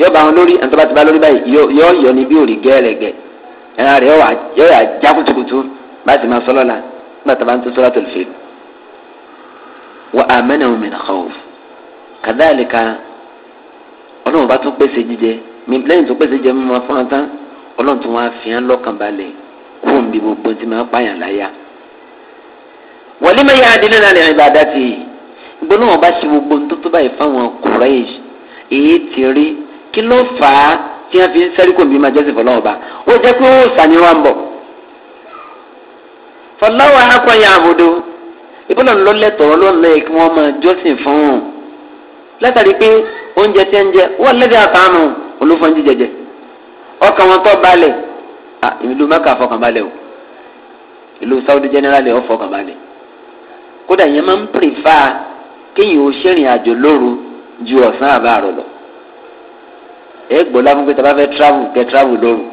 [SPEAKER 1] yóò bá wọn lórí ẹni tó bá ti bá lórí báyìí yóò yọ ní bí òrì gẹ́rẹ́gẹ́ ẹ̀rọ rẹ̀ yóò yà já kùtùkùtù bá ti máa sọ lọ́la gbàtà bá ń tún sọ́ra tòlùfẹ́ wà á mẹ́nà omi nà xawf kàdáàlìkà ọlọ́run bá tún pèsè jíjẹ lẹ́yìn tó pèsè jíjẹ mímọ́ fún wọn tán ọlọ́run tún wá fi hàn lọ́kànbalẹ̀ kó n bí gbogbo tí máa pààyàn láyà. wọ́n lé mẹ́yà adínú náà lè rìn bàdá tì í gbọ́dọ̀ wọn bá ṣe gbogbo tó báyìí fáwọn kùrẹ́ẹ̀ṣ èyí ti rí kí ló fà á tí wọ́n fi ń sẹ́ríkò bí máa jọ́sìn fọlọ́wọ́ fọláwà akọyà àbòdò ìbúlọ̀ ló lẹ́tọ̀ọ́ lọ́nà kí wọ́n máa jọ́sìn fún un látàrí pé oúnjẹ tí ń jẹ wọ́n lẹ́dẹ̀ àtàánù olúfọ́njì jẹjẹ ọkàn wọn tọ́ balẹ̀ ìlú mẹ́kà fọkàn balẹ̀ o ìlú saudi general ọ̀ fọkàn balẹ̀ kódà yẹn máa ń pèfà kéèyàn ó ṣèrìn àjò lóru ju ọ̀sán àbáàrọ̀ lọ ẹ gbọ́ lábúgbé tí a fẹ́ travel kẹ́ travel lóru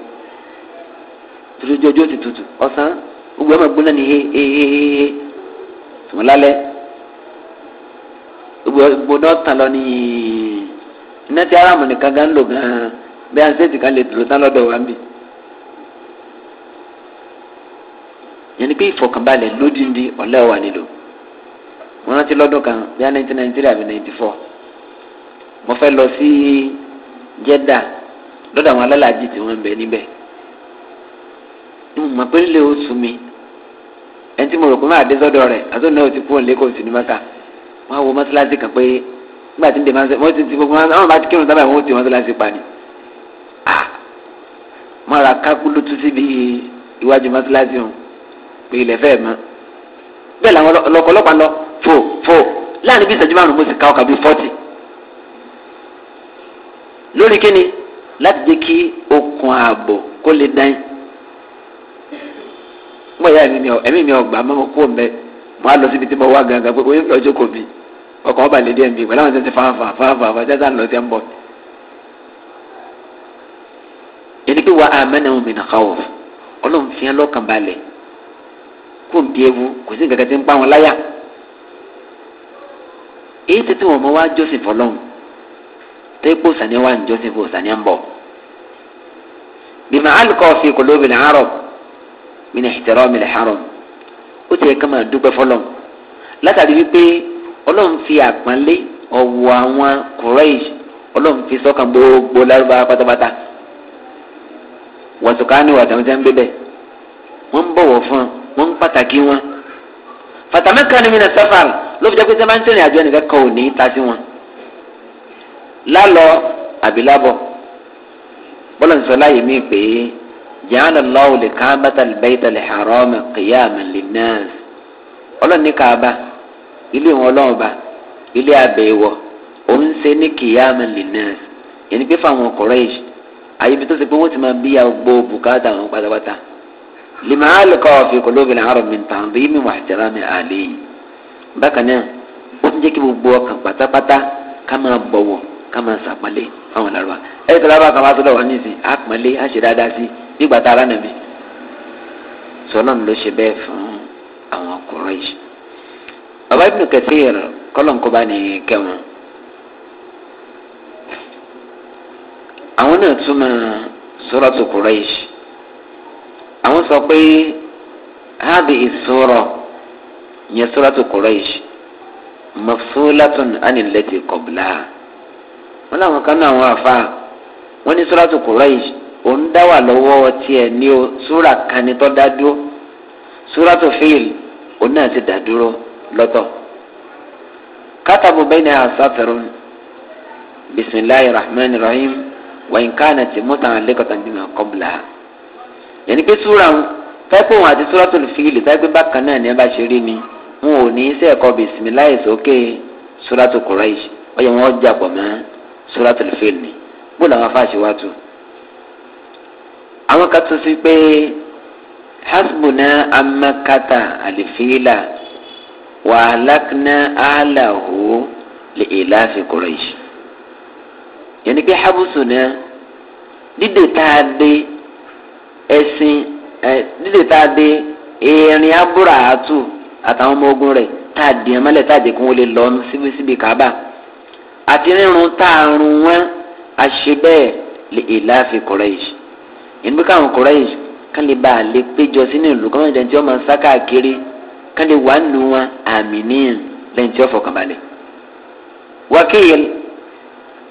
[SPEAKER 1] tuntun jọjọ́ ti tutù ọ̀sán gbogbo ẹ̀ máa gbóná ní hehehehe sùn lálẹ́ gbogbo náà tàn lọ ní iná tí aráàmù nìkan gan lò gan bí a ń sèǹtì kan lè dúró tán lọ́dọ̀ wa ń bì. yẹn ni pé ìfọkànbalẹ̀ lódìndí ọ̀lẹ́ wà nílò wọ́n rántí lọ́dún kan bí a nineteen ninety three àbí ninety four mo fẹ́ lọ sí jẹ́dà lọ́dọ̀ àwọn alálàájì tí wọ́n ń bẹ níbẹ̀ mo mọ̀ pé lílé oṣù mi ẹni tí mo rò pé máa dé sọ́dọ̀ rẹ̀ àtọ́ náà ti kúrò lẹ́kọ̀ọ́ sí ní mọ́ta wọ́n á wo mọ́sálásí kan pé nígbà tí ń dè máa ń sẹ́ wọ́n ti ti gbogbo wọn bá ti kírun sábà wọ́n ti mọ́sálásí pa ni. Ah! mọ́ra kákúlù tún síbi iwájú mọ́sálásí hàn pé ilẹ̀ fẹ́ẹ̀ mọ́ bẹ́ẹ̀ làwọn ọlọ́kọ̀ọ́lọ́pàá lọ fò fò láàrin bí ìṣẹ́jú márùn-ún mo sì ká ọkà bíi fọ́tì lórí kíni láti jẹ́ kí okùn ààbò kó lè dáin mo yà ẹ̀mí mi ọgbà mọ́ mo kó mbẹ́ mo á lọ síbi tí mo wá gangan pé oyè lọ́jọ́ kò bí ọkọ̀ ọba lè díẹ̀ mbí pẹ̀lú àwọn tẹ̀sí fáfà fáfà fáfà jáde àná lọ́tẹ̀ ń bọ̀. ẹni pé wà á mẹ́nà omi nà káwọ̀ ọlọ́run fi hàn lọ́kàn balẹ̀ kó n bí ewu kò sí nǹkan kan tí ń pa wọn láyà. èyí tètè wọn mọ wá jọ́sìn fọlọ́run tẹ́kpó sàníwá ń jọ́sìn fò sàníwá ń bọ̀. bìmọ̀ alukọ̀ fi kòlóbìnrin arọ̀bù min ihtiram al-haram ó ti yẹ ká máa dúpẹ́ fọlọ́n látàrí wípé ọlọ́run fi àpọ́nlé ọ̀wọ̀ àwọn kùrẹ́ẹ̀jì ọlọ́run fi sọ́kàn gbogbo lárúbáwá pátápátá wàtúkánì wàtàmítà ń bẹ́bẹ̀ wọ́n ń bọ̀wọ̀ fún wọn ń pàtàkì wọn fàtàmẹ́kànnì mi nà sáfàrà ló fi jẹ́ pé sẹ́máà ń tẹ̀lé àjọ nìkan wọn lálọ àbí bọ́lá ń sọ láyé mi pé yàrá lọ́wọ́ lè ká bàtàlì bẹ́ẹ̀tà lè xàrọ́ mi kìyà ilé wọn ọlọ́ọ̀ba ilé àbẹ̀wọ̀ òun ṣe ní kìyà àmàlì náà si pé fáwọn ọkọ̀rọ̀ àyèbí tó ṣe pé wọ́n ti máa wọn pátápátá lèmi ọ̀fìn lóbi làárọ̀ mi mi wà jẹ́ra mi yìí bákan náà ó bí gbàtà alánàbí sọlọ́n ló ṣe bẹ́ẹ̀ fún àwọn ọkùnrin yìí bàbá ibùdó kẹsíyẹ̀rọ kọ́lọ́nkọ́ba ní kẹwọn àwọn náà túmọ̀ sọ́rọ́tù kùrẹ́ẹ̀ṣì àwọn sọ pé hábì ìṣòro yẹn sọ́rọ́tù kùrẹ́ẹ̀ṣì mọ̀fúlátùn ánìlẹ́tì kọ̀bìlà wọn làwọn kan náà wọn àfa wọn ní sọ́rọ́tù kùrẹ́ẹ̀ṣì òun dá wà lọ́wọ́ tiẹ̀ ní o súra kan ni tó dá dúró súra tó fíìl òun náà ti dá dúró lọ́tọ̀. kátàbù bẹ́ẹ̀ ni àṣàtẹ̀rù bisimilayi rahman rahim wàyín kánà ti mọ́tàn alẹ́kọ̀tàn bí wọn kọ́bùlà. yẹn ni pé súra ń tẹ́kùn àti súra tó fíìl tẹ́kùn bákan náà ní ẹ bá ṣe rí ni wọn ò ní sẹ́ẹ̀kọ́ bisimilayi sókè súra tó kọ̀ráyì ọ̀yẹ̀ wọn jà pọ̀ mọ́ súra tó fíìl ni bó làwọn afáàṣẹ wá tún àwọn kan tó sí pé hasbuna amakata alifila wàhálàkínà àlàhó lè èlà àfikúrò yìí yẹn ni pé habusuna dídè tá a dé ẹsìn ẹ dídè tá a dé erin abúrà àtù àtàwọn ọmọ ogun rẹ tá a dìyàn mọ́lẹ̀ tá a jẹ́ kí wọ́n lè lọ síbísíbi kábà àti rírun tá a rún wọn àṣebẹ́ẹ̀ lè èlà àfikúrò yìí ìdúgbò káwọn kọ̀ọ̀rẹ́yì kán lè bá a lè péjọ sínú ìlú kọ́mọ̀ ìjà tí wọ́n máa ń sá káàkiri kán lè wà nù wọn àmì níyàn lẹ́yìn tí wọ́n fọkànbalẹ̀. wákìyìn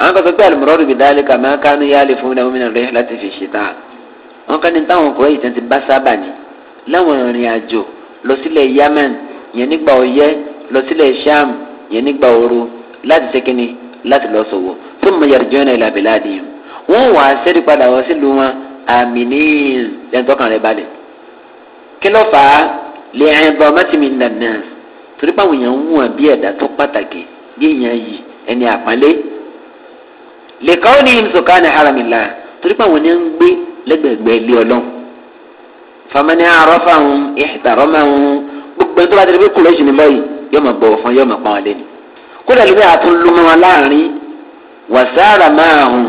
[SPEAKER 1] àwọn kan sọ pé àlùmọ́rọ́ rẹ̀ dálé kà máa kánú yálé fún mi náà mímìnà rẹ̀ láti fi ṣe tán. wọ́n kán ní táwọn kọ̀ọ̀rẹ́yì tán ti bá sábà ní láwọn ìrìn àjò lọ sílẹ̀ yemen yẹn nígbà ọyẹ́ lọ sílẹ̀ sham yẹn nígbà ooru láti ṣèkínni láti lọ sọ̀wọ́ fún mi yàrá jọ́nà ìlàbẹ̀lá aminin lẹ́ntọ́kàn rẹ̀ balẹ̀ kí ló fà á lè ẹ̀yìn bá ọmọ tí mi nà náà torí báwọn èèyàn ń wọ̀n bí ẹ̀dá tó pàtàkì bí èèyàn yìí ẹni àpọ́nlé lè kọ́ ní nsọ̀ká ní haramila torí báwọn èèyàn ń gbé lẹ́gbẹ̀gbẹ́ ilé ọlọ́run famani arọ́fà ń ìtàrọ́mà ń gbogbo ẹni tó bá ti di pé kúrò ìṣìn lọ́yìn yóò mọ̀ bọ̀wọ̀ fún yóò mọ̀ pọ́n lé ni kódà lóbi àtúnlùmọ́ wọn láàrin wàsáàrà máa hùn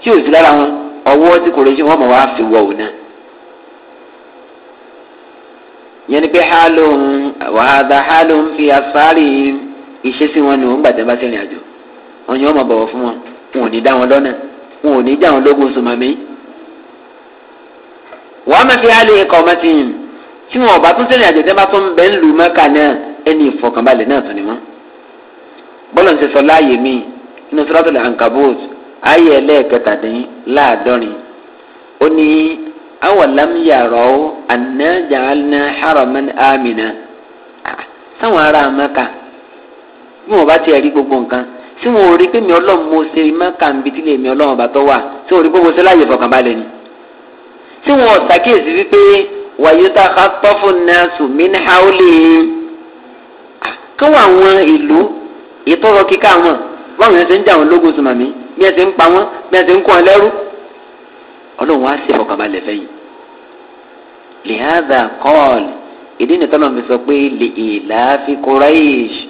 [SPEAKER 1] tí ò sí lára wọn ọwọ́ tí kò lè ṣe wọ́n mọ̀ wá fi wọ̀ òun náà. yẹn ni pé hálóhùn wàhálà hálóhùn fi àsárì ìṣesí wọn nù ń gbàtẹ́ bá sẹ́rìn àjò wọn ni wọ́n mọ̀ bọ̀wọ̀ fún wọn wọn ò ní dá wọn lọ́nà wọn ò ní já wọn lógun sùn màmí. wàá máa fi hálóhùn ikọ̀ ọmọ ti tí wọn ò bá tún sẹ́rìn àjò tẹ́ bá tún bẹ́ẹ̀ ń lù mọ́kà náà ẹni ìfọkànbalẹ̀ náà tún ni wọ́n. bọ́lọ̀ ń ṣe sọ láàyè míì nínú sọ́dọ̀tàlẹ̀ ayé ẹlẹ́ẹ̀kẹtàdínláàdọ́rin ó ní awọ̀lámiyàrá anájàálná haraman amina sáwọn ará amaka bí wọn bá ti rí gbogbo nǹkan tí wọn ò rí pé mi ọlọ́run mo ṣe maka ń bi tílé mi ọlọ́run ọba tó wà tí wọn ò rí pé mo ṣe láàyè fọkànbalẹ̀ ni tí wọn ò ṣàkíyèsí wípé wàyúta ká tọ́fù náà mí ní haúlì káwọn àwọn ìlú ìtọ́rọ kíkà wọn báwọn ẹsẹ̀ ń jà wọn lógun sùn bí ẹ ti ń pa wọn bí ẹ ti ń kọ́ ẹ lẹ́rú ọlọ́run wá sí ìfọkànbalẹ̀ fẹ́yìn lihada kọ́ọ̀l ìdí nìkan náà mi sọ pé lè ìlàáfi kúrẹ́ẹ̀ṣì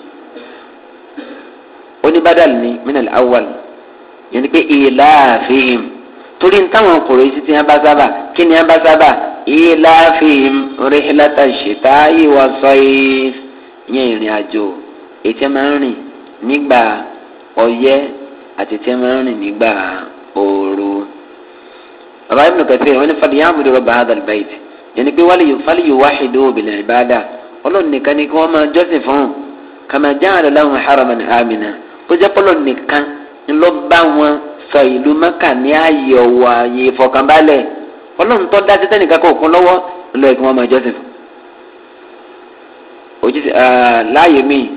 [SPEAKER 1] oníbàdàl ni minal awal yẹn ni pé ìlàáfihìm torí táwọn kùrẹ́ẹ̀ṣì ti hàn bá sábà kí ni hàn bá sábà ìlàáfihìm rìhìlátà ṣètà ìwà sọ́yìí yẹn ìrìn àjò ètí máa ń rìn nígbà ọyẹ́ àti tí wọ́n máa ń rìn nígbà ooru. bàbá ibùdó kẹsì wọn ni fàlìyà àbúrò bàbá adal bait yẹni pé wàlíyò fàlìyò wáhìdó obìnrin ìbáadà ọlọ́run nìkan ni kí wọ́n máa jọ́sìn fún un kàmá jáàdà láwọn haraman amina ó jẹ́ pọ́lọ́ nìkan ńlọ bá wọn sọ ìlú mẹ́kà ní ààyè ọ̀wọ̀ ààyè ìfọ̀kànbalẹ̀ ọlọ́run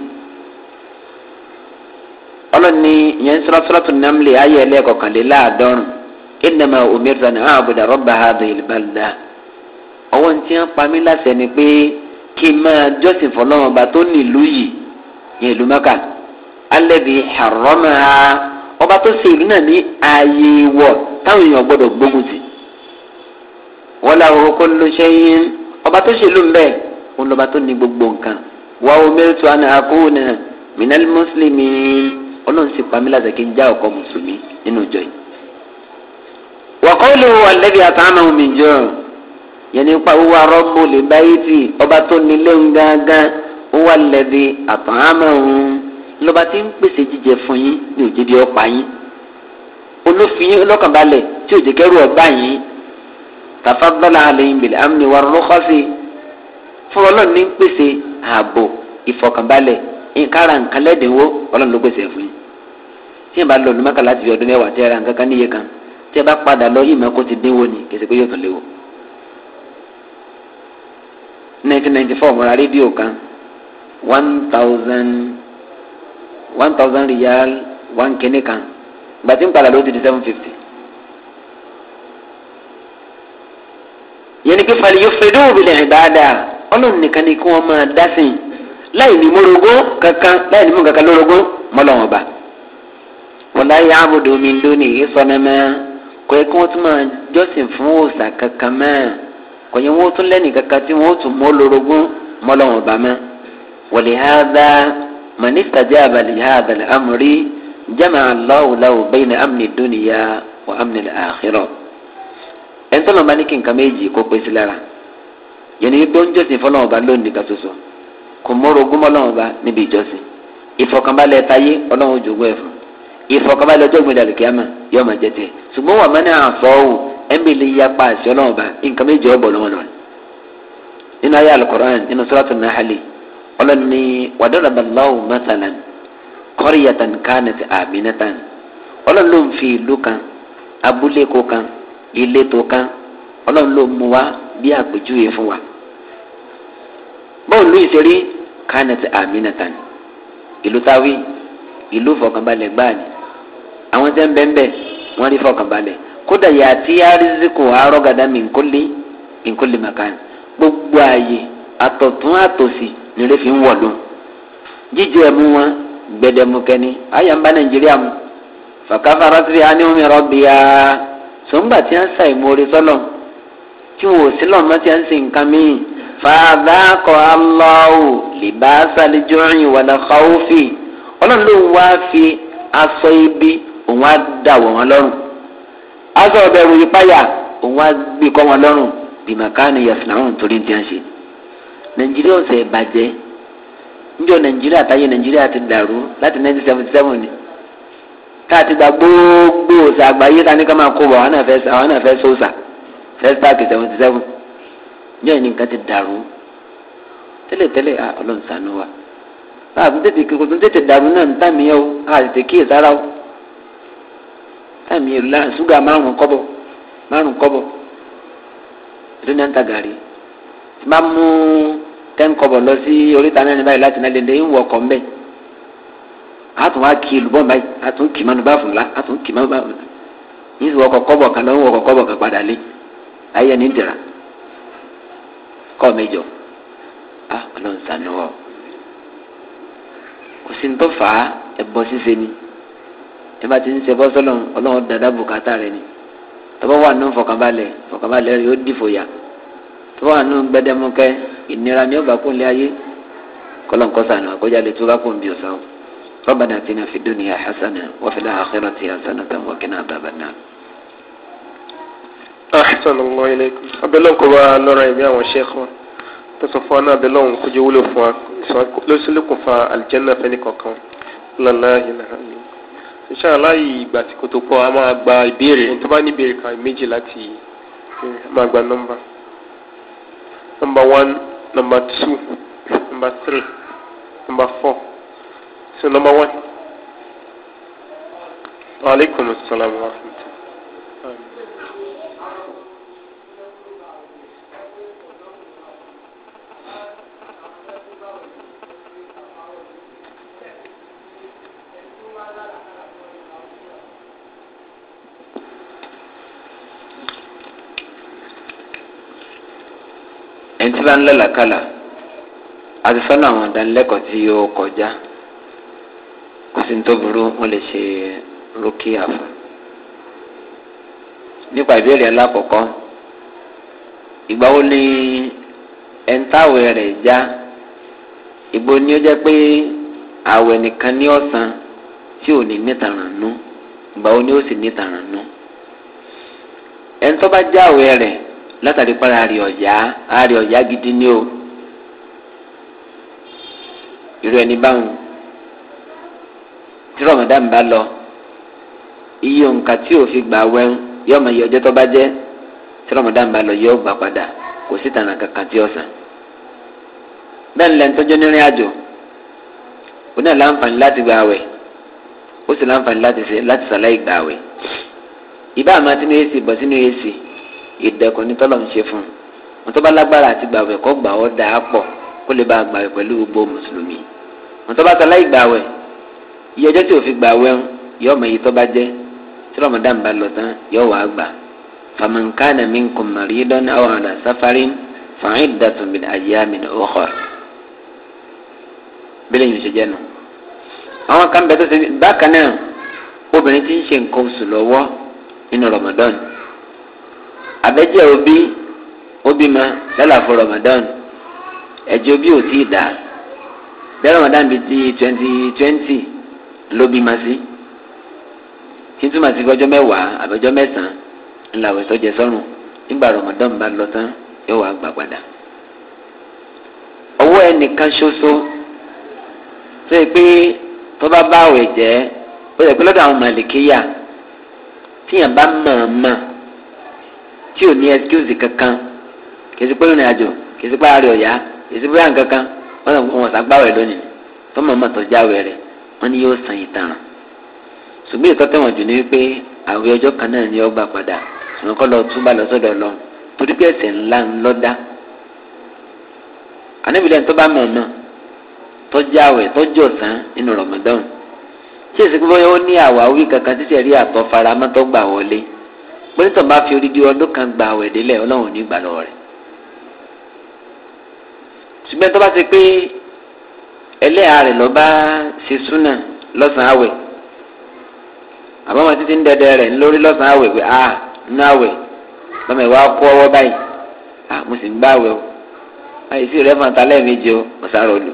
[SPEAKER 1] ọlọ́ni yẹn sọ́rọ́sọ́rọ́tún nàmlẹ̀ ayé ẹlẹ́kọ̀kànléláàdọ́rùn ìnàmà òmìnira ní àbùdá rọ́bà àdó ìbàdà ọwọ́ ní tí wọ́n pa mí láṣẹ ni pé kí n máa jọ́sìn fọlọ́mọba tó nílùú yìí yẹn ìlú mẹ́ka alẹ́bi àrọ́mà ọba tó ṣe ìlú náà ní ààyè wọ̀ táwọn èèyàn gbọ́dọ̀ gbógun sí. wọ́n la òkú ló ṣe yín ọba tó ṣe lù ń bẹ́ẹ̀ tó ní gbogbo nǹkan wà omi tó àná náà mìíràn mùsùlùmí ọlọ́run sì pa mí láti kí n já ọkọ mùsùlùmí nínú ìjọ yìí. wàkọ́lù alẹ́bí àtàánà omi jọ yẹn nípa wíwá rọ́pò lè báyìí tì ọba tó nílé ń gángan wíwá lẹ́bí àtàánà òun lọ́ba tí ń pèsè jíjẹ fún yín ní òjìdí ọ̀pá yín olófin ọlọ́kànbalẹ̀ tí òjì kẹrù ọ̀bá yín tàfàbọ́lá àlẹ́yìn bèlè àmì wà rọ́kọ́sí fún ọlọ́run ìkárà nǹkan lẹ́dínwó ọlọ́run ló pèsè fún yín tí yẹn bá lọ ọdún mẹ́kànlá ti fi ọdún mẹ́wàá tẹ́ ra nǹkan kan níye kan tí yẹn bá padà lọ yìí mẹ́kọ́ ti dínwó ni kèsì pé yóò tún léwu. 1994 mo ra rédíò kan one thousand one thousand riyal one kìíní kan gbàtí ń padà ló ti di seven fifty. yẹn ni pé falẹ̀ yóò fẹ́ dóòbí lẹ́yìn bá ọlọ́run nìkan ni kí wọ́n máa dá sí i láì ní mórogún kankan láì ní mú kankan lórogún mọ́lọ́wọ́n bá. wọ́lá yà á bòdò mi lónìí yìí sọ́nà mẹ́ kò yẹ kí wọ́n tún máa jọ́sìn fún òòsà kankan mẹ́ kò yẹ wọ́n tún lẹ́nìí kankan tí wọ́n tún mọ́ lórogún mọ́lọ́wọ́n bá mẹ́. wọ́lẹ̀ ha dá mọ̀nísàjẹ́ àbàlẹ̀ ha àbàlẹ̀ amúrí jẹ́mọ̀ aláwòláwò bẹ́ẹ̀ ni amúnì dúnìyà wà amúnì àkírọ̀. ẹ̀ńtọ́nà bá ní kí nǹkan méjì kó pèsè lára yẹn ni kò mọ́rọ̀ ogún mọ́lọ́run bá níbi ìjọsìn ìfọkànbalẹ̀ tayé ọlọ́run jogún ẹ̀ fún ìfọkànbalẹ̀ ọjọ́ ìgbìndà lè kíámà yóò máa jẹ ṣùgbọ́n wà mẹ́rin àfọ́hùn ẹ̀mí lè ya pa àṣẹ ọlọ́run bá nǹkan méjì ọ̀bọ̀ lọ́wọ́ náà nínú ayé alukoran nínú sọ́ràtún nahali ọlọ́run ní wàdúràbàláwù mẹ́sàlán kọ́ríyàtàn kánẹ̀tì àmínátàn ọlọ́run ló ń fi ìlú kan abúlé kó kan báwo ló ìṣeré kánẹtì aminatan ìlú táwí ìlú fọkànbalẹ̀ gbáà ni àwọn tẹ́ ń bẹ́ ń bẹ́ wọ́n rí fọkànbalẹ̀ kódà yàtí arizikò arọ́gàdá mìkúlì mìkúlì màkàn gbogbo ààyè àtọ̀tún àtòsí nírè fi ń wọ̀ lóhùn jíjẹ ẹ̀mú wọn gbẹdẹmukẹni àyà ń bá nàìjíríà mu fàkàfàrà sí aníhùnmí rọ́bìyà sọ́ngbà tí wọ́n ń sa ìmoore tí wọ́n ò sílọ̀ mọ́ tí wọ́n ń sin nǹkan mìíràn fàdákọ̀ aláwò lìbáṣà lìjọ́rin wàlá káwófì ọlọ́run ló wá fi aṣọ ibi òun á dà wọ̀ wọn lọ́rùn aṣọ ọ̀bẹ̀rù ìpáyà òun á gbé kọ́ wọn lọ́rùn bìmọ̀kánì yasinaun torí ti ń ṣe nàìjíríà ọ̀sẹ̀ ìbàjẹ́ níjọ nàìjíríà táyé nàìjíríà ti dàrú láti 1977 ni káàtì gba gbogbo ọ̀sẹ̀ àgbáyé ta ní ká máa kó bọ̀ àwọn náà fẹ́ sọ́ọ̀sà first park 77 jọ ìní nǹkan ti dàrú tẹ́lẹ̀tẹ́lẹ̀ à ọlọ́run sànú wa bá a tún tètè kí kò tún tètè dàrú náà ń tàmí ẹ o a tètè kíyè sára o tàmí ẹ lára ṣúgà márùn kọ́bọ̀ márùn kọ́bọ̀ ètò náà ń ta gàrí tí máa mú tẹ́ǹ kọ́bọ̀ lọ sí oríta náà ní báyìí láti náà lẹ́lẹ́ ń wọ ọkọ̀ mbẹ́ àtún wá kí olùbọ̀n báyìí àtún kì mánu bá fún la àtún kì mánu bá fún la yín sì wọ ọkọ̀ kọ́bọ̀ kan lọ́wọ́ ọkọ̀ kọ́bọ̀ kan padà lé ayé ní ìdìrà kọ́ mi jọ á ọlọ́run sànú ọ kò sí ní tó fà á ẹ̀bọ ṣíṣe ni ẹ bá ti ń ṣe bọ́ sọ́lọ́run ọlọ́run dàda bùkátà rẹ ni tọ́bọ̀ wà nù fọkànbalẹ̀ fọkànbalẹ̀ rẹ yóò dìfòyà tọ́bọ̀ wà nù gbẹdẹmukẹ́ ìnira ni ó bá kún lé ayé kọ́lọ́nkọ́ sànú àkójá lè túbá kún bí ọ̀sán ربنا اتنا في الدنيا حسنه وفي الاخره حسنه وقنا عذاب النار ahsanallahu ilaykum abẹ́lẹ́ kò bá lọ́ra ẹ̀mí àwọn sheikh wọn tó sọ fún wa náà abẹ́lẹ́ òun kójú wúlò fún wa lọ́sọ̀lẹ́kùn fa aljanna fẹ́ni kankan lọ́la ìlà àmì. insha Allah ìgbà tí kò tó pọ̀ a máa gba ìbéèrè tó bá ní ìbéèrè kan méjì láti máa gba nọ́mbà. nọ́mbà one nọ́mbà two nọ́mbà three nọ́mbà four so nọ́mbà one. wa aleykum salaam wa rahmatulah. tí bá ń lálàkàlà àti sọ́nà àwọn ìdánilẹ́kọ̀ọ́ tí ó kọjá kò sí ní tó burú wọ́n lè ṣe rókìá fún. nípa ìbéèrè alákọ̀ọ́kọ́ ìgbà wo ni ẹ̀ńtàwẹ̀ rẹ̀ já ìgbò ni ó jẹ́ pé àwẹ̀ nìkan ní ọ̀sán tí ò ní nítaràn nú ìgbà wo ni ó sì nítaràn nú ẹ̀ńtọ́ bá já àwẹ̀ rẹ̀ látàrí pé àárẹ̀ ọ̀yá àárẹ̀ ọ̀yá gidi ni o irú ẹni báwọn tí rọmọdán bá lọ iye òǹkà tí ò fi gbà wẹ́n yọ ọmọ iye ọjọ́ tó bá jẹ́ tí rọmọdán bá lọ yọ gbà padà kò sí tànà kankan tí ó sàn bẹ́ẹ̀ ni lẹ́nu tọ́jú nírìn àjò ó náà láǹfààní láti gbà wẹ̀ ó sì láǹfààní láti sàlàyé gbà wẹ̀ ìbá àmọ́ tí ní èsì bọ̀ sínú èsì ìdẹ̀kùn ní tọ́lọ̀ ń ṣe fún un wọn tó bá lágbára àti gbàwẹ̀ kọ́ gbà ọ́ dà á pọ̀ kó lè bá a gbàwẹ̀ pẹ̀lú gbogbo mùsùlùmí wọn tó bá sọ láì gbàwẹ̀ iye ọjọ́ tí ò fi gbàwẹ̀ yọ ọmọ yìí tó bá jẹ́ tí rọmọdán bá lọ tán yọ wàá gbà fàmùkánà mi kò mọ̀rí dán àwọn àdá sáfárí fàáyìn dàtún mi àyè àmì ọkọ̀ bílẹ̀ yìí ṣe jẹ́ nu àwọn kan bẹ tó ṣe bákan náà obìnrin ti ń ṣe nǹkan oṣù lọ́wọ́ nínú rọmọdán abẹ́jẹ́ òbí òbí ma lọ́làfọ̀ ramadan ẹ̀jẹ̀ òbí ò tí ì dà bí ramadan bíi ti twenty twenty ló bí ma sí kí n túmọ̀ sí ọjọ́ mẹ́wàá àbẹ́jọ́ mẹ́sàn-án ńlá àwẹ̀ sọ́jẹ́ sọ́run nígbà ramadan bá lọ tán yóò wá gbà padà owó ẹnìkan ṣoṣo tó yẹ pé tó bá bá àwẹ̀ jẹ́ ó yẹ pé lọ́dọ̀ àwọn màlìkíyà tíyàn bá mọ̀ọ́mọ̀ tí ò ní ẹsikúsì kankan kìsì pé ìrìn àjò kìsì pé àárẹ̀ ọ̀yá kìsì pé àǹkan kan wọ́n sọ wọn sàgbáwẹ̀ lónìí tó mọ̀ọ́mọ̀ tó jáwẹ̀ rẹ̀ wọ́n ní yóò san ìtanràn ṣùgbọ́n ìtọ́ tẹ̀wọ̀n jù ní wípé àwẹ̀ ọjọ́ kan náà ni ó gbà padà ṣùgbọ́n kọ́ lọ túbà lọ sọ́dọ̀ lọ torí pé ẹ̀sẹ̀ ńlá ńlọ́dá anábìlẹ̀ tó bá mọ̀ náà tó jáwẹ̀ tó jọ̀ sán nínú rọ̀mọdọ́n tí èsì pé bóyá ó ní àwáwí kankan títí ẹ̀rí àtọ́ faramọ́ gbà wọlé pẹ́lítọ̀ bá fi odidi ọdún kan gba àwẹ̀ délẹ̀ ọlọ́run ní ìgbàlọ́ rẹ̀ ṣùgbọ́n tó bá ti pé ẹlẹ́yà rẹ̀ lọ bá ṣe súnà lọ́sàn-án àwẹ̀ àbámọ̀ títí ń dẹdẹ rẹ̀ lórí lọ́sàn-án àwẹ̀ pé ah, nínú àwẹ̀ ìwà kú ọwọ́ báyìí ah, mo sì ń àwẹ̀ o àyè ah, sí rẹ̀ fún atalẹ́ o mo sáré olù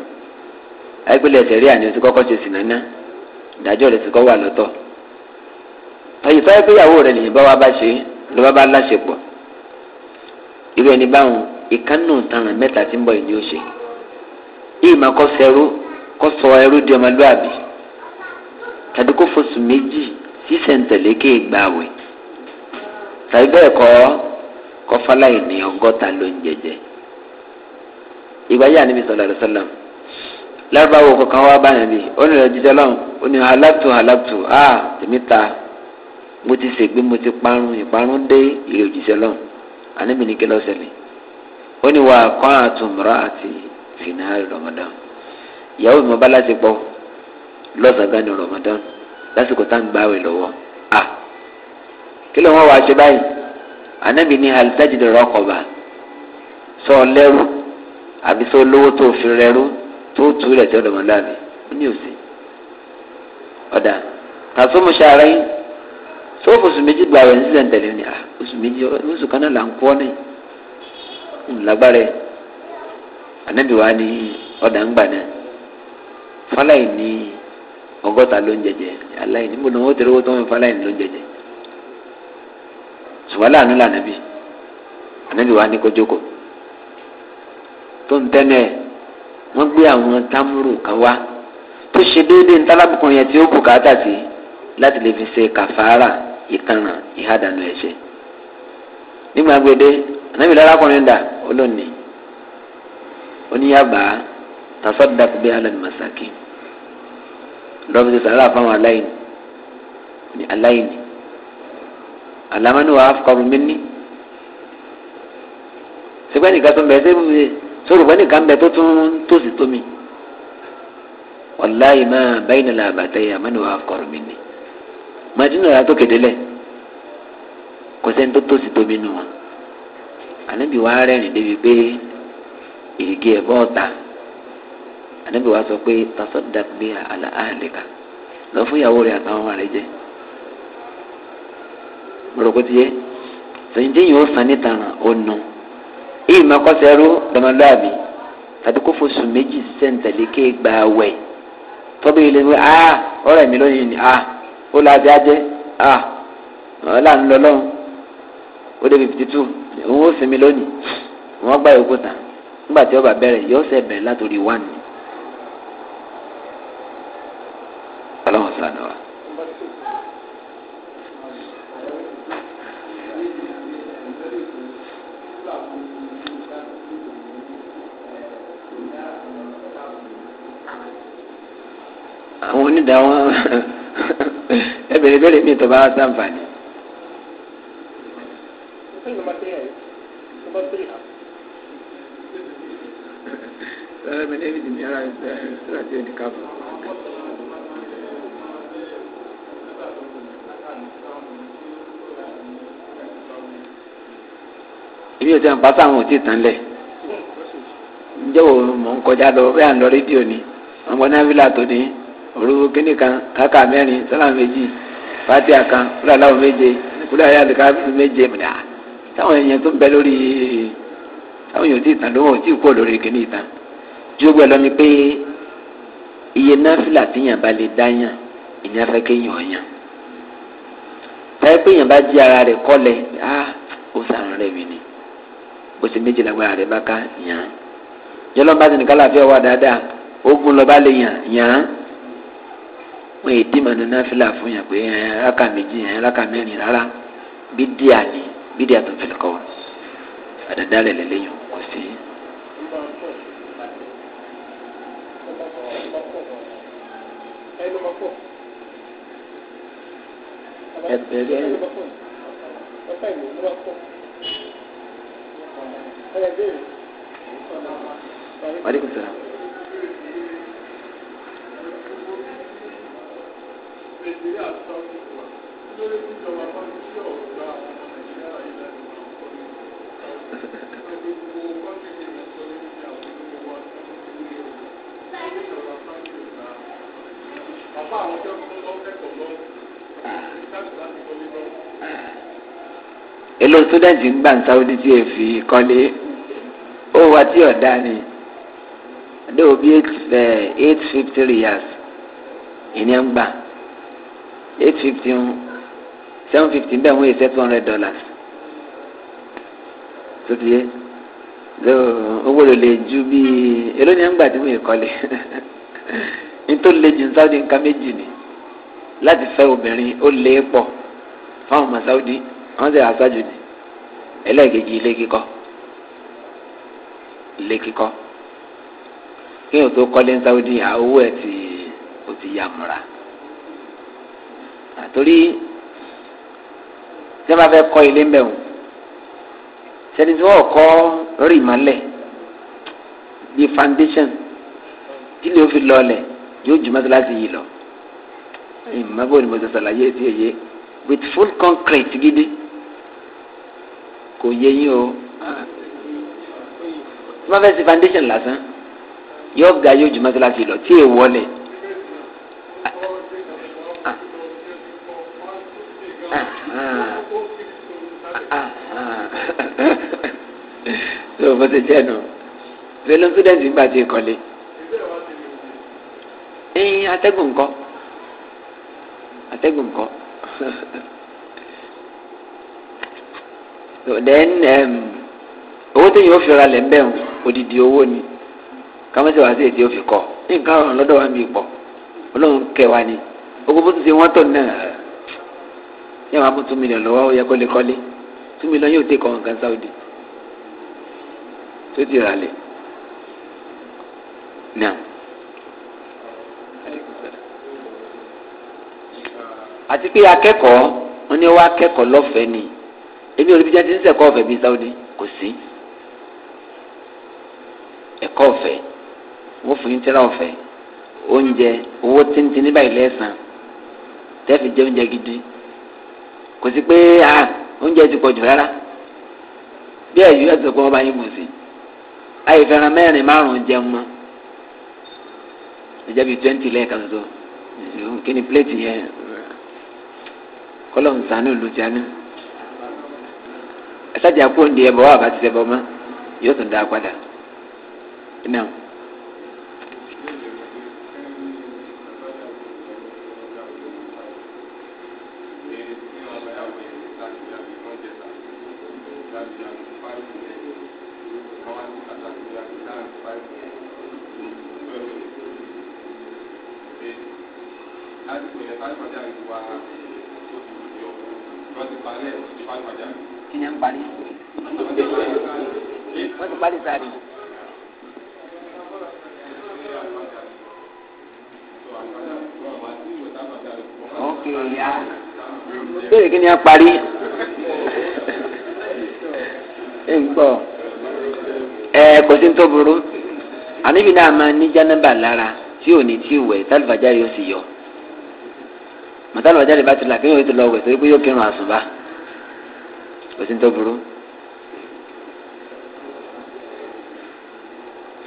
[SPEAKER 1] rí àná ti kọ́kọ́ ṣe sì ìdájọ́ rẹ̀ ti kọ́ wà èyí tó yẹ pé ìyàwó rẹ̀ lè bá wa bá ṣe ló bá bá láṣepọ̀ irú ẹni báwọn ìkànnù tanràn mẹ́ta tí ń bọ̀ ìní ó ṣe ìmọ̀ kọ́ sẹ́rú kọ́ sọ ẹrú di ọmọlúàbí tàbí kó fosùn méjì sísẹ̀ntẹ̀lé ké gbààwẹ̀ tàbí bẹ́ẹ̀ kọ́ kọ́ fáláì ní ọgọ́ta ló ń jẹjẹ ìgbà yà níbi sọlá rẹsọlá lárúbáwò kankan wá báyìí ó ní ìrẹ̀jíjẹ́ lọ́hùn ó ní aláàtú aláàtú a tèmi ta mo ti ṣègbé mo ti parun ìparun dé ìrè òjìṣẹ́ lọ àníbi ní kí lọ́ọ́ ṣẹlẹ̀ ó ní wàá kọ́ àtúmọ̀rọ̀ àti fìnnárì rọmọdán ìyàwó mi ọba láti pọ̀ lọ́sàgán ní rọmọdán lásìkò tá à ń gbáwé lọ́wọ́ à kí ló wọ́n wàá ṣe báyìí àníbi ní alitajide rọkọba sọ lẹ́rú àbí sọ lówó tó fi rẹ́rú tó tu ilẹ̀ tí ọ̀dọ̀mọdá mi ó ní òsì ọ̀dà tàṣọ́mùsàárẹ̀ yìí tó o fòsùn méjì gbà rẹ̀ ní ń tẹ̀lé ni ah, oṣù méjì oṣù kan náà là ń kọ́ ní ìlágbára ẹ̀ ànábì wa ní ọ̀dà ń gbà náà fáláì ní ọgọ́ta ló ń jẹjẹ aláì níbo ni wọ́n ti rówó tó ń fáláì ló ń jẹjẹ ṣùgbọ́n láàánú lànàbì ànábì wa ní kójókòó tó ń tẹ́lẹ̀ wọ́n gbé àwọn támúrù kan wá tó ṣe déédéé ntálàbùkún yẹn tí ó kù káàtà sí láti lè fi ṣe kàfàárà ìkaràn ìhádànù ẹ̀ṣẹ̀ nígbà gbèdé ànábì lárakùnrin dà olóòní oníyàbá tàfádàkù bí alẹ́ màsàkì lọ́bi ti sàrà fáwọn aláìní ní aláìní alámánú wa afukọ̀rù mẹ́ni sẹ́gbẹ́ nìkan tó ń bẹ̀ sẹ́gbẹ́ sọ̀rọ̀ bẹ́ẹ̀ nìkan bẹ̀ tó tún tòsí tómi wàláyé máa báyìí nílẹ̀ àbàtẹ́yà mẹ́ni wa afukọ̀rù madina yàtọ̀ kẹ̀dẹ́lẹ̀ kò sẹ́ni tó tòsí tóbi nù wọn ànábì wa rẹ́rìn débi pé ìrìgì ẹ̀ bọ́ ọ̀tà ànábì wa sọ pé tasadak bí àlà àlèkà lọ fún ìyàwó rẹ̀ àtàwọn ọmọ rẹ̀ jẹ́ mọ̀rọ̀kọ́tì yẹ sèǹtẹ̀yìn ó san níta ràn ó nù èyí máa kọ́ sẹ́rú dọ̀mọdọ́àbí tàbí kó fosù méjì sẹ́ǹtẹ̀lẹ́kẹ́ gbà wẹ̀ tọ́bí ilé wí ah ọ̀rẹ́ mi lónìí ni ah ó la bí ajẹ́ à ọ̀la ń lọ lọ́hùn ó dé fifty two òun ó sinmi lónìí wọ́n gbá yòókù tán nígbà tí ọba bẹ̀rẹ̀ yóò ṣe bẹ̀rẹ̀ látòrí one ni. àwọn onídàá wọn. *laughs* ẹ bèrè bèrè mi tó bá wá sáǹfààní. ibi ò tí wọn pàṣẹ àwọn ò tí ì tán lẹ ǹjẹ́ wo mọ̀ ń kọjá lọ bẹ́ẹ̀ à ń lọ rédíò ni àwọn náà fi là tó ní òru kíníkan káka mẹ́rin sálà fati akan kúrò aláwọ̀ méje kúrò ayé àdìkà méje mìíràn táwọn èèyàn tó ń bẹ lórí táwọn èèyàn tí ìtàn ló wọ̀ tí kò lórí kìíní ìtàn jogbo ẹ̀ pé iye náfìlà tíyàn bá lè dáyàn ìyẹn fẹ́ kéèyàn ọ̀yàn táyé pé èèyàn bá jí ara rẹ̀ kọ́lẹ̀ á ó sàrùn rẹ̀ mi ni bó ṣe méje lágbára rẹ̀ bá ká yàn án yọlọ́ba ti nìkan láàfin ọwọ́ dáadáa ogun lọ́ba lè yàn yàn án pé ìdímọ̀ ní náfìlà fún yàn pé ẹ̀ ráka méjì ẹ̀ ráka mẹ́rin rárá bídíà ni bídíà tó fẹ́ kọ́ àdàdálẹ̀ lẹ́lẹ́yìn kò sí. ẹgbẹ̀rẹ̀ wàlíkùsọ̀rọ̀. Nàìjíríà sọ fún wa lórí ìjọba kan tí ọ̀gá ọmọ Nàìjíríà yìí láti máa ń kọ́ ní gbogbo kọ́ńtìtì ìrìnàjò lórí àwọn olówó wa tó ń fi lé o lórí ìjọba kan tí ọ̀gá bàbá àwọn tó ń fún lọ́kẹ́kọ̀ọ́ lọ́wọ́ láti láti kọ́ ní lọ́wọ́. Èlò sódẹ́ǹtì ń gbà ń sáwọ́dí tí èè fi kọ́lé ó wá tí ọ̀dá ni dóò bí eh, eight fifty riyals ìní ń gbà eight fifteen, seven fifteen. bẹ́ẹ̀ wọ́n yẹ seven hundred dollars tó ti yé owó rẹ̀ lè ju bíi èló ni à ń gbà tí mo yẹ kọ́lé *laughs* nítorí lè jù ní Saudi nǹkan méjì ni láti fẹ́ obìnrin ó lé pọ̀ fáwọn ọmọ Saudi wọ́n ti àṣáájú ni ẹlẹ́ẹ̀kejì ilé kíkọ́ ilé kíkọ́ kí n ò tó kọ́lé ní Saudi àwọn owó ẹ̀ ti ò ti yà múra àtòrí tí wọ́n bá fẹ́ kọ́ ilé ń bẹ̀ wọ́n sẹ́ni tí wọ́n kọ́ lórí ìmọ̀lẹ̀ bíi foundation tí lè fi lọlẹ̀ yóò jù mọ́tòláṣí yìí lọ ìmọ̀bó ni mo ti sàlàyé etí ẹ̀yẹ with full concrete gidi kò yẹ yín o tí wọ́n fẹ́ sí foundation lásán yóò ga yóò jù mọ́tòláṣí lọ tí èèwọ̀ lẹ̀. Ah, ah, ah, *laughs* so bó ti jẹ́ nù pẹ̀lú student gbà tí kọ́lé ẹ̀yin atẹ́gùn ńkọ́ atẹ́gùn ńkọ́ *laughs* so then um, owó tó yẹ ó fi ra lẹ̀ ń bẹ̀ wọ́n odidi owó ni kámẹ́sì wá sí èdè ó fi kọ́ nǹkan ọ̀ràn lọ́dọ̀ wa ń bí pọ̀ ọlọ́run kẹwàá ni ogun bó ti ṣe wọ́n tọ̀ náà yẹn wàá mú two million lọ́wọ́ ó yẹ kó lè kọ́lé two million yóò tẹ̀ kọ́ nǹkan sáwùdì tó ti rà lẹ̀ náà. àti pé akẹ́kọ̀ọ́ wọn ní wọ́n akẹ́kọ̀ọ́ lọ́fẹ̀ẹ́ ni èmi ò rí bí jẹ́ ti ń sẹ̀kọ́ ọ̀fẹ́ bíi sáwùdì kò sí ẹ̀kọ́ ọ̀fẹ́ wọ́n fún yín tẹ́lá ọ̀fẹ́ oúnjẹ owó tíntìn níbàyìí lẹ́sàn-án tẹ́fì jẹ́ oúnjẹ gidi kò sí pé oúnjẹ ti pọ̀ jù rárá bí ẹ̀yú ẹ̀sìn pé wọ́n bá yín bùn sí ayé fẹ́ràn mẹ́rin márùn-ún jẹun mọ́ ìjẹ́bi twenty lẹ́ẹ̀kan tó kí ni plate yẹn kọ́lọ́mù sànú ìlú ti àná ẹ̀sájà kúrò ń di ẹ̀bọ̀ wà bá ti ṣẹ̀bọ̀ mọ́ yóò tún dá a padà. Now. ànábì náà máa ní jánábà lára tí ò ní tí ò wẹ̀ tálùbàjá yóò sì yọ mọ̀tálùbàjá lè bá ti là kéèyàn tó lọ wẹ̀ torí pé yóò kírun àsùnbà kò sí ní tó burú.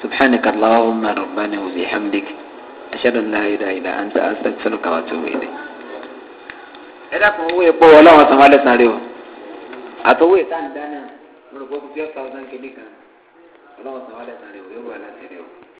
[SPEAKER 1] سبحانك اللهم ربنا وبحمدك أشهد أن لا إله إلا أنت أستغفرك وأتوب إليك ẹ dákun owó epo ọlọ́run san wálé san rí o àtọwé ìta ń dáná lórúkọ fífi ọ́ sáwọ́sán kìíní kan ọlọ́run san wálé san rí o yóò wà láti rí o.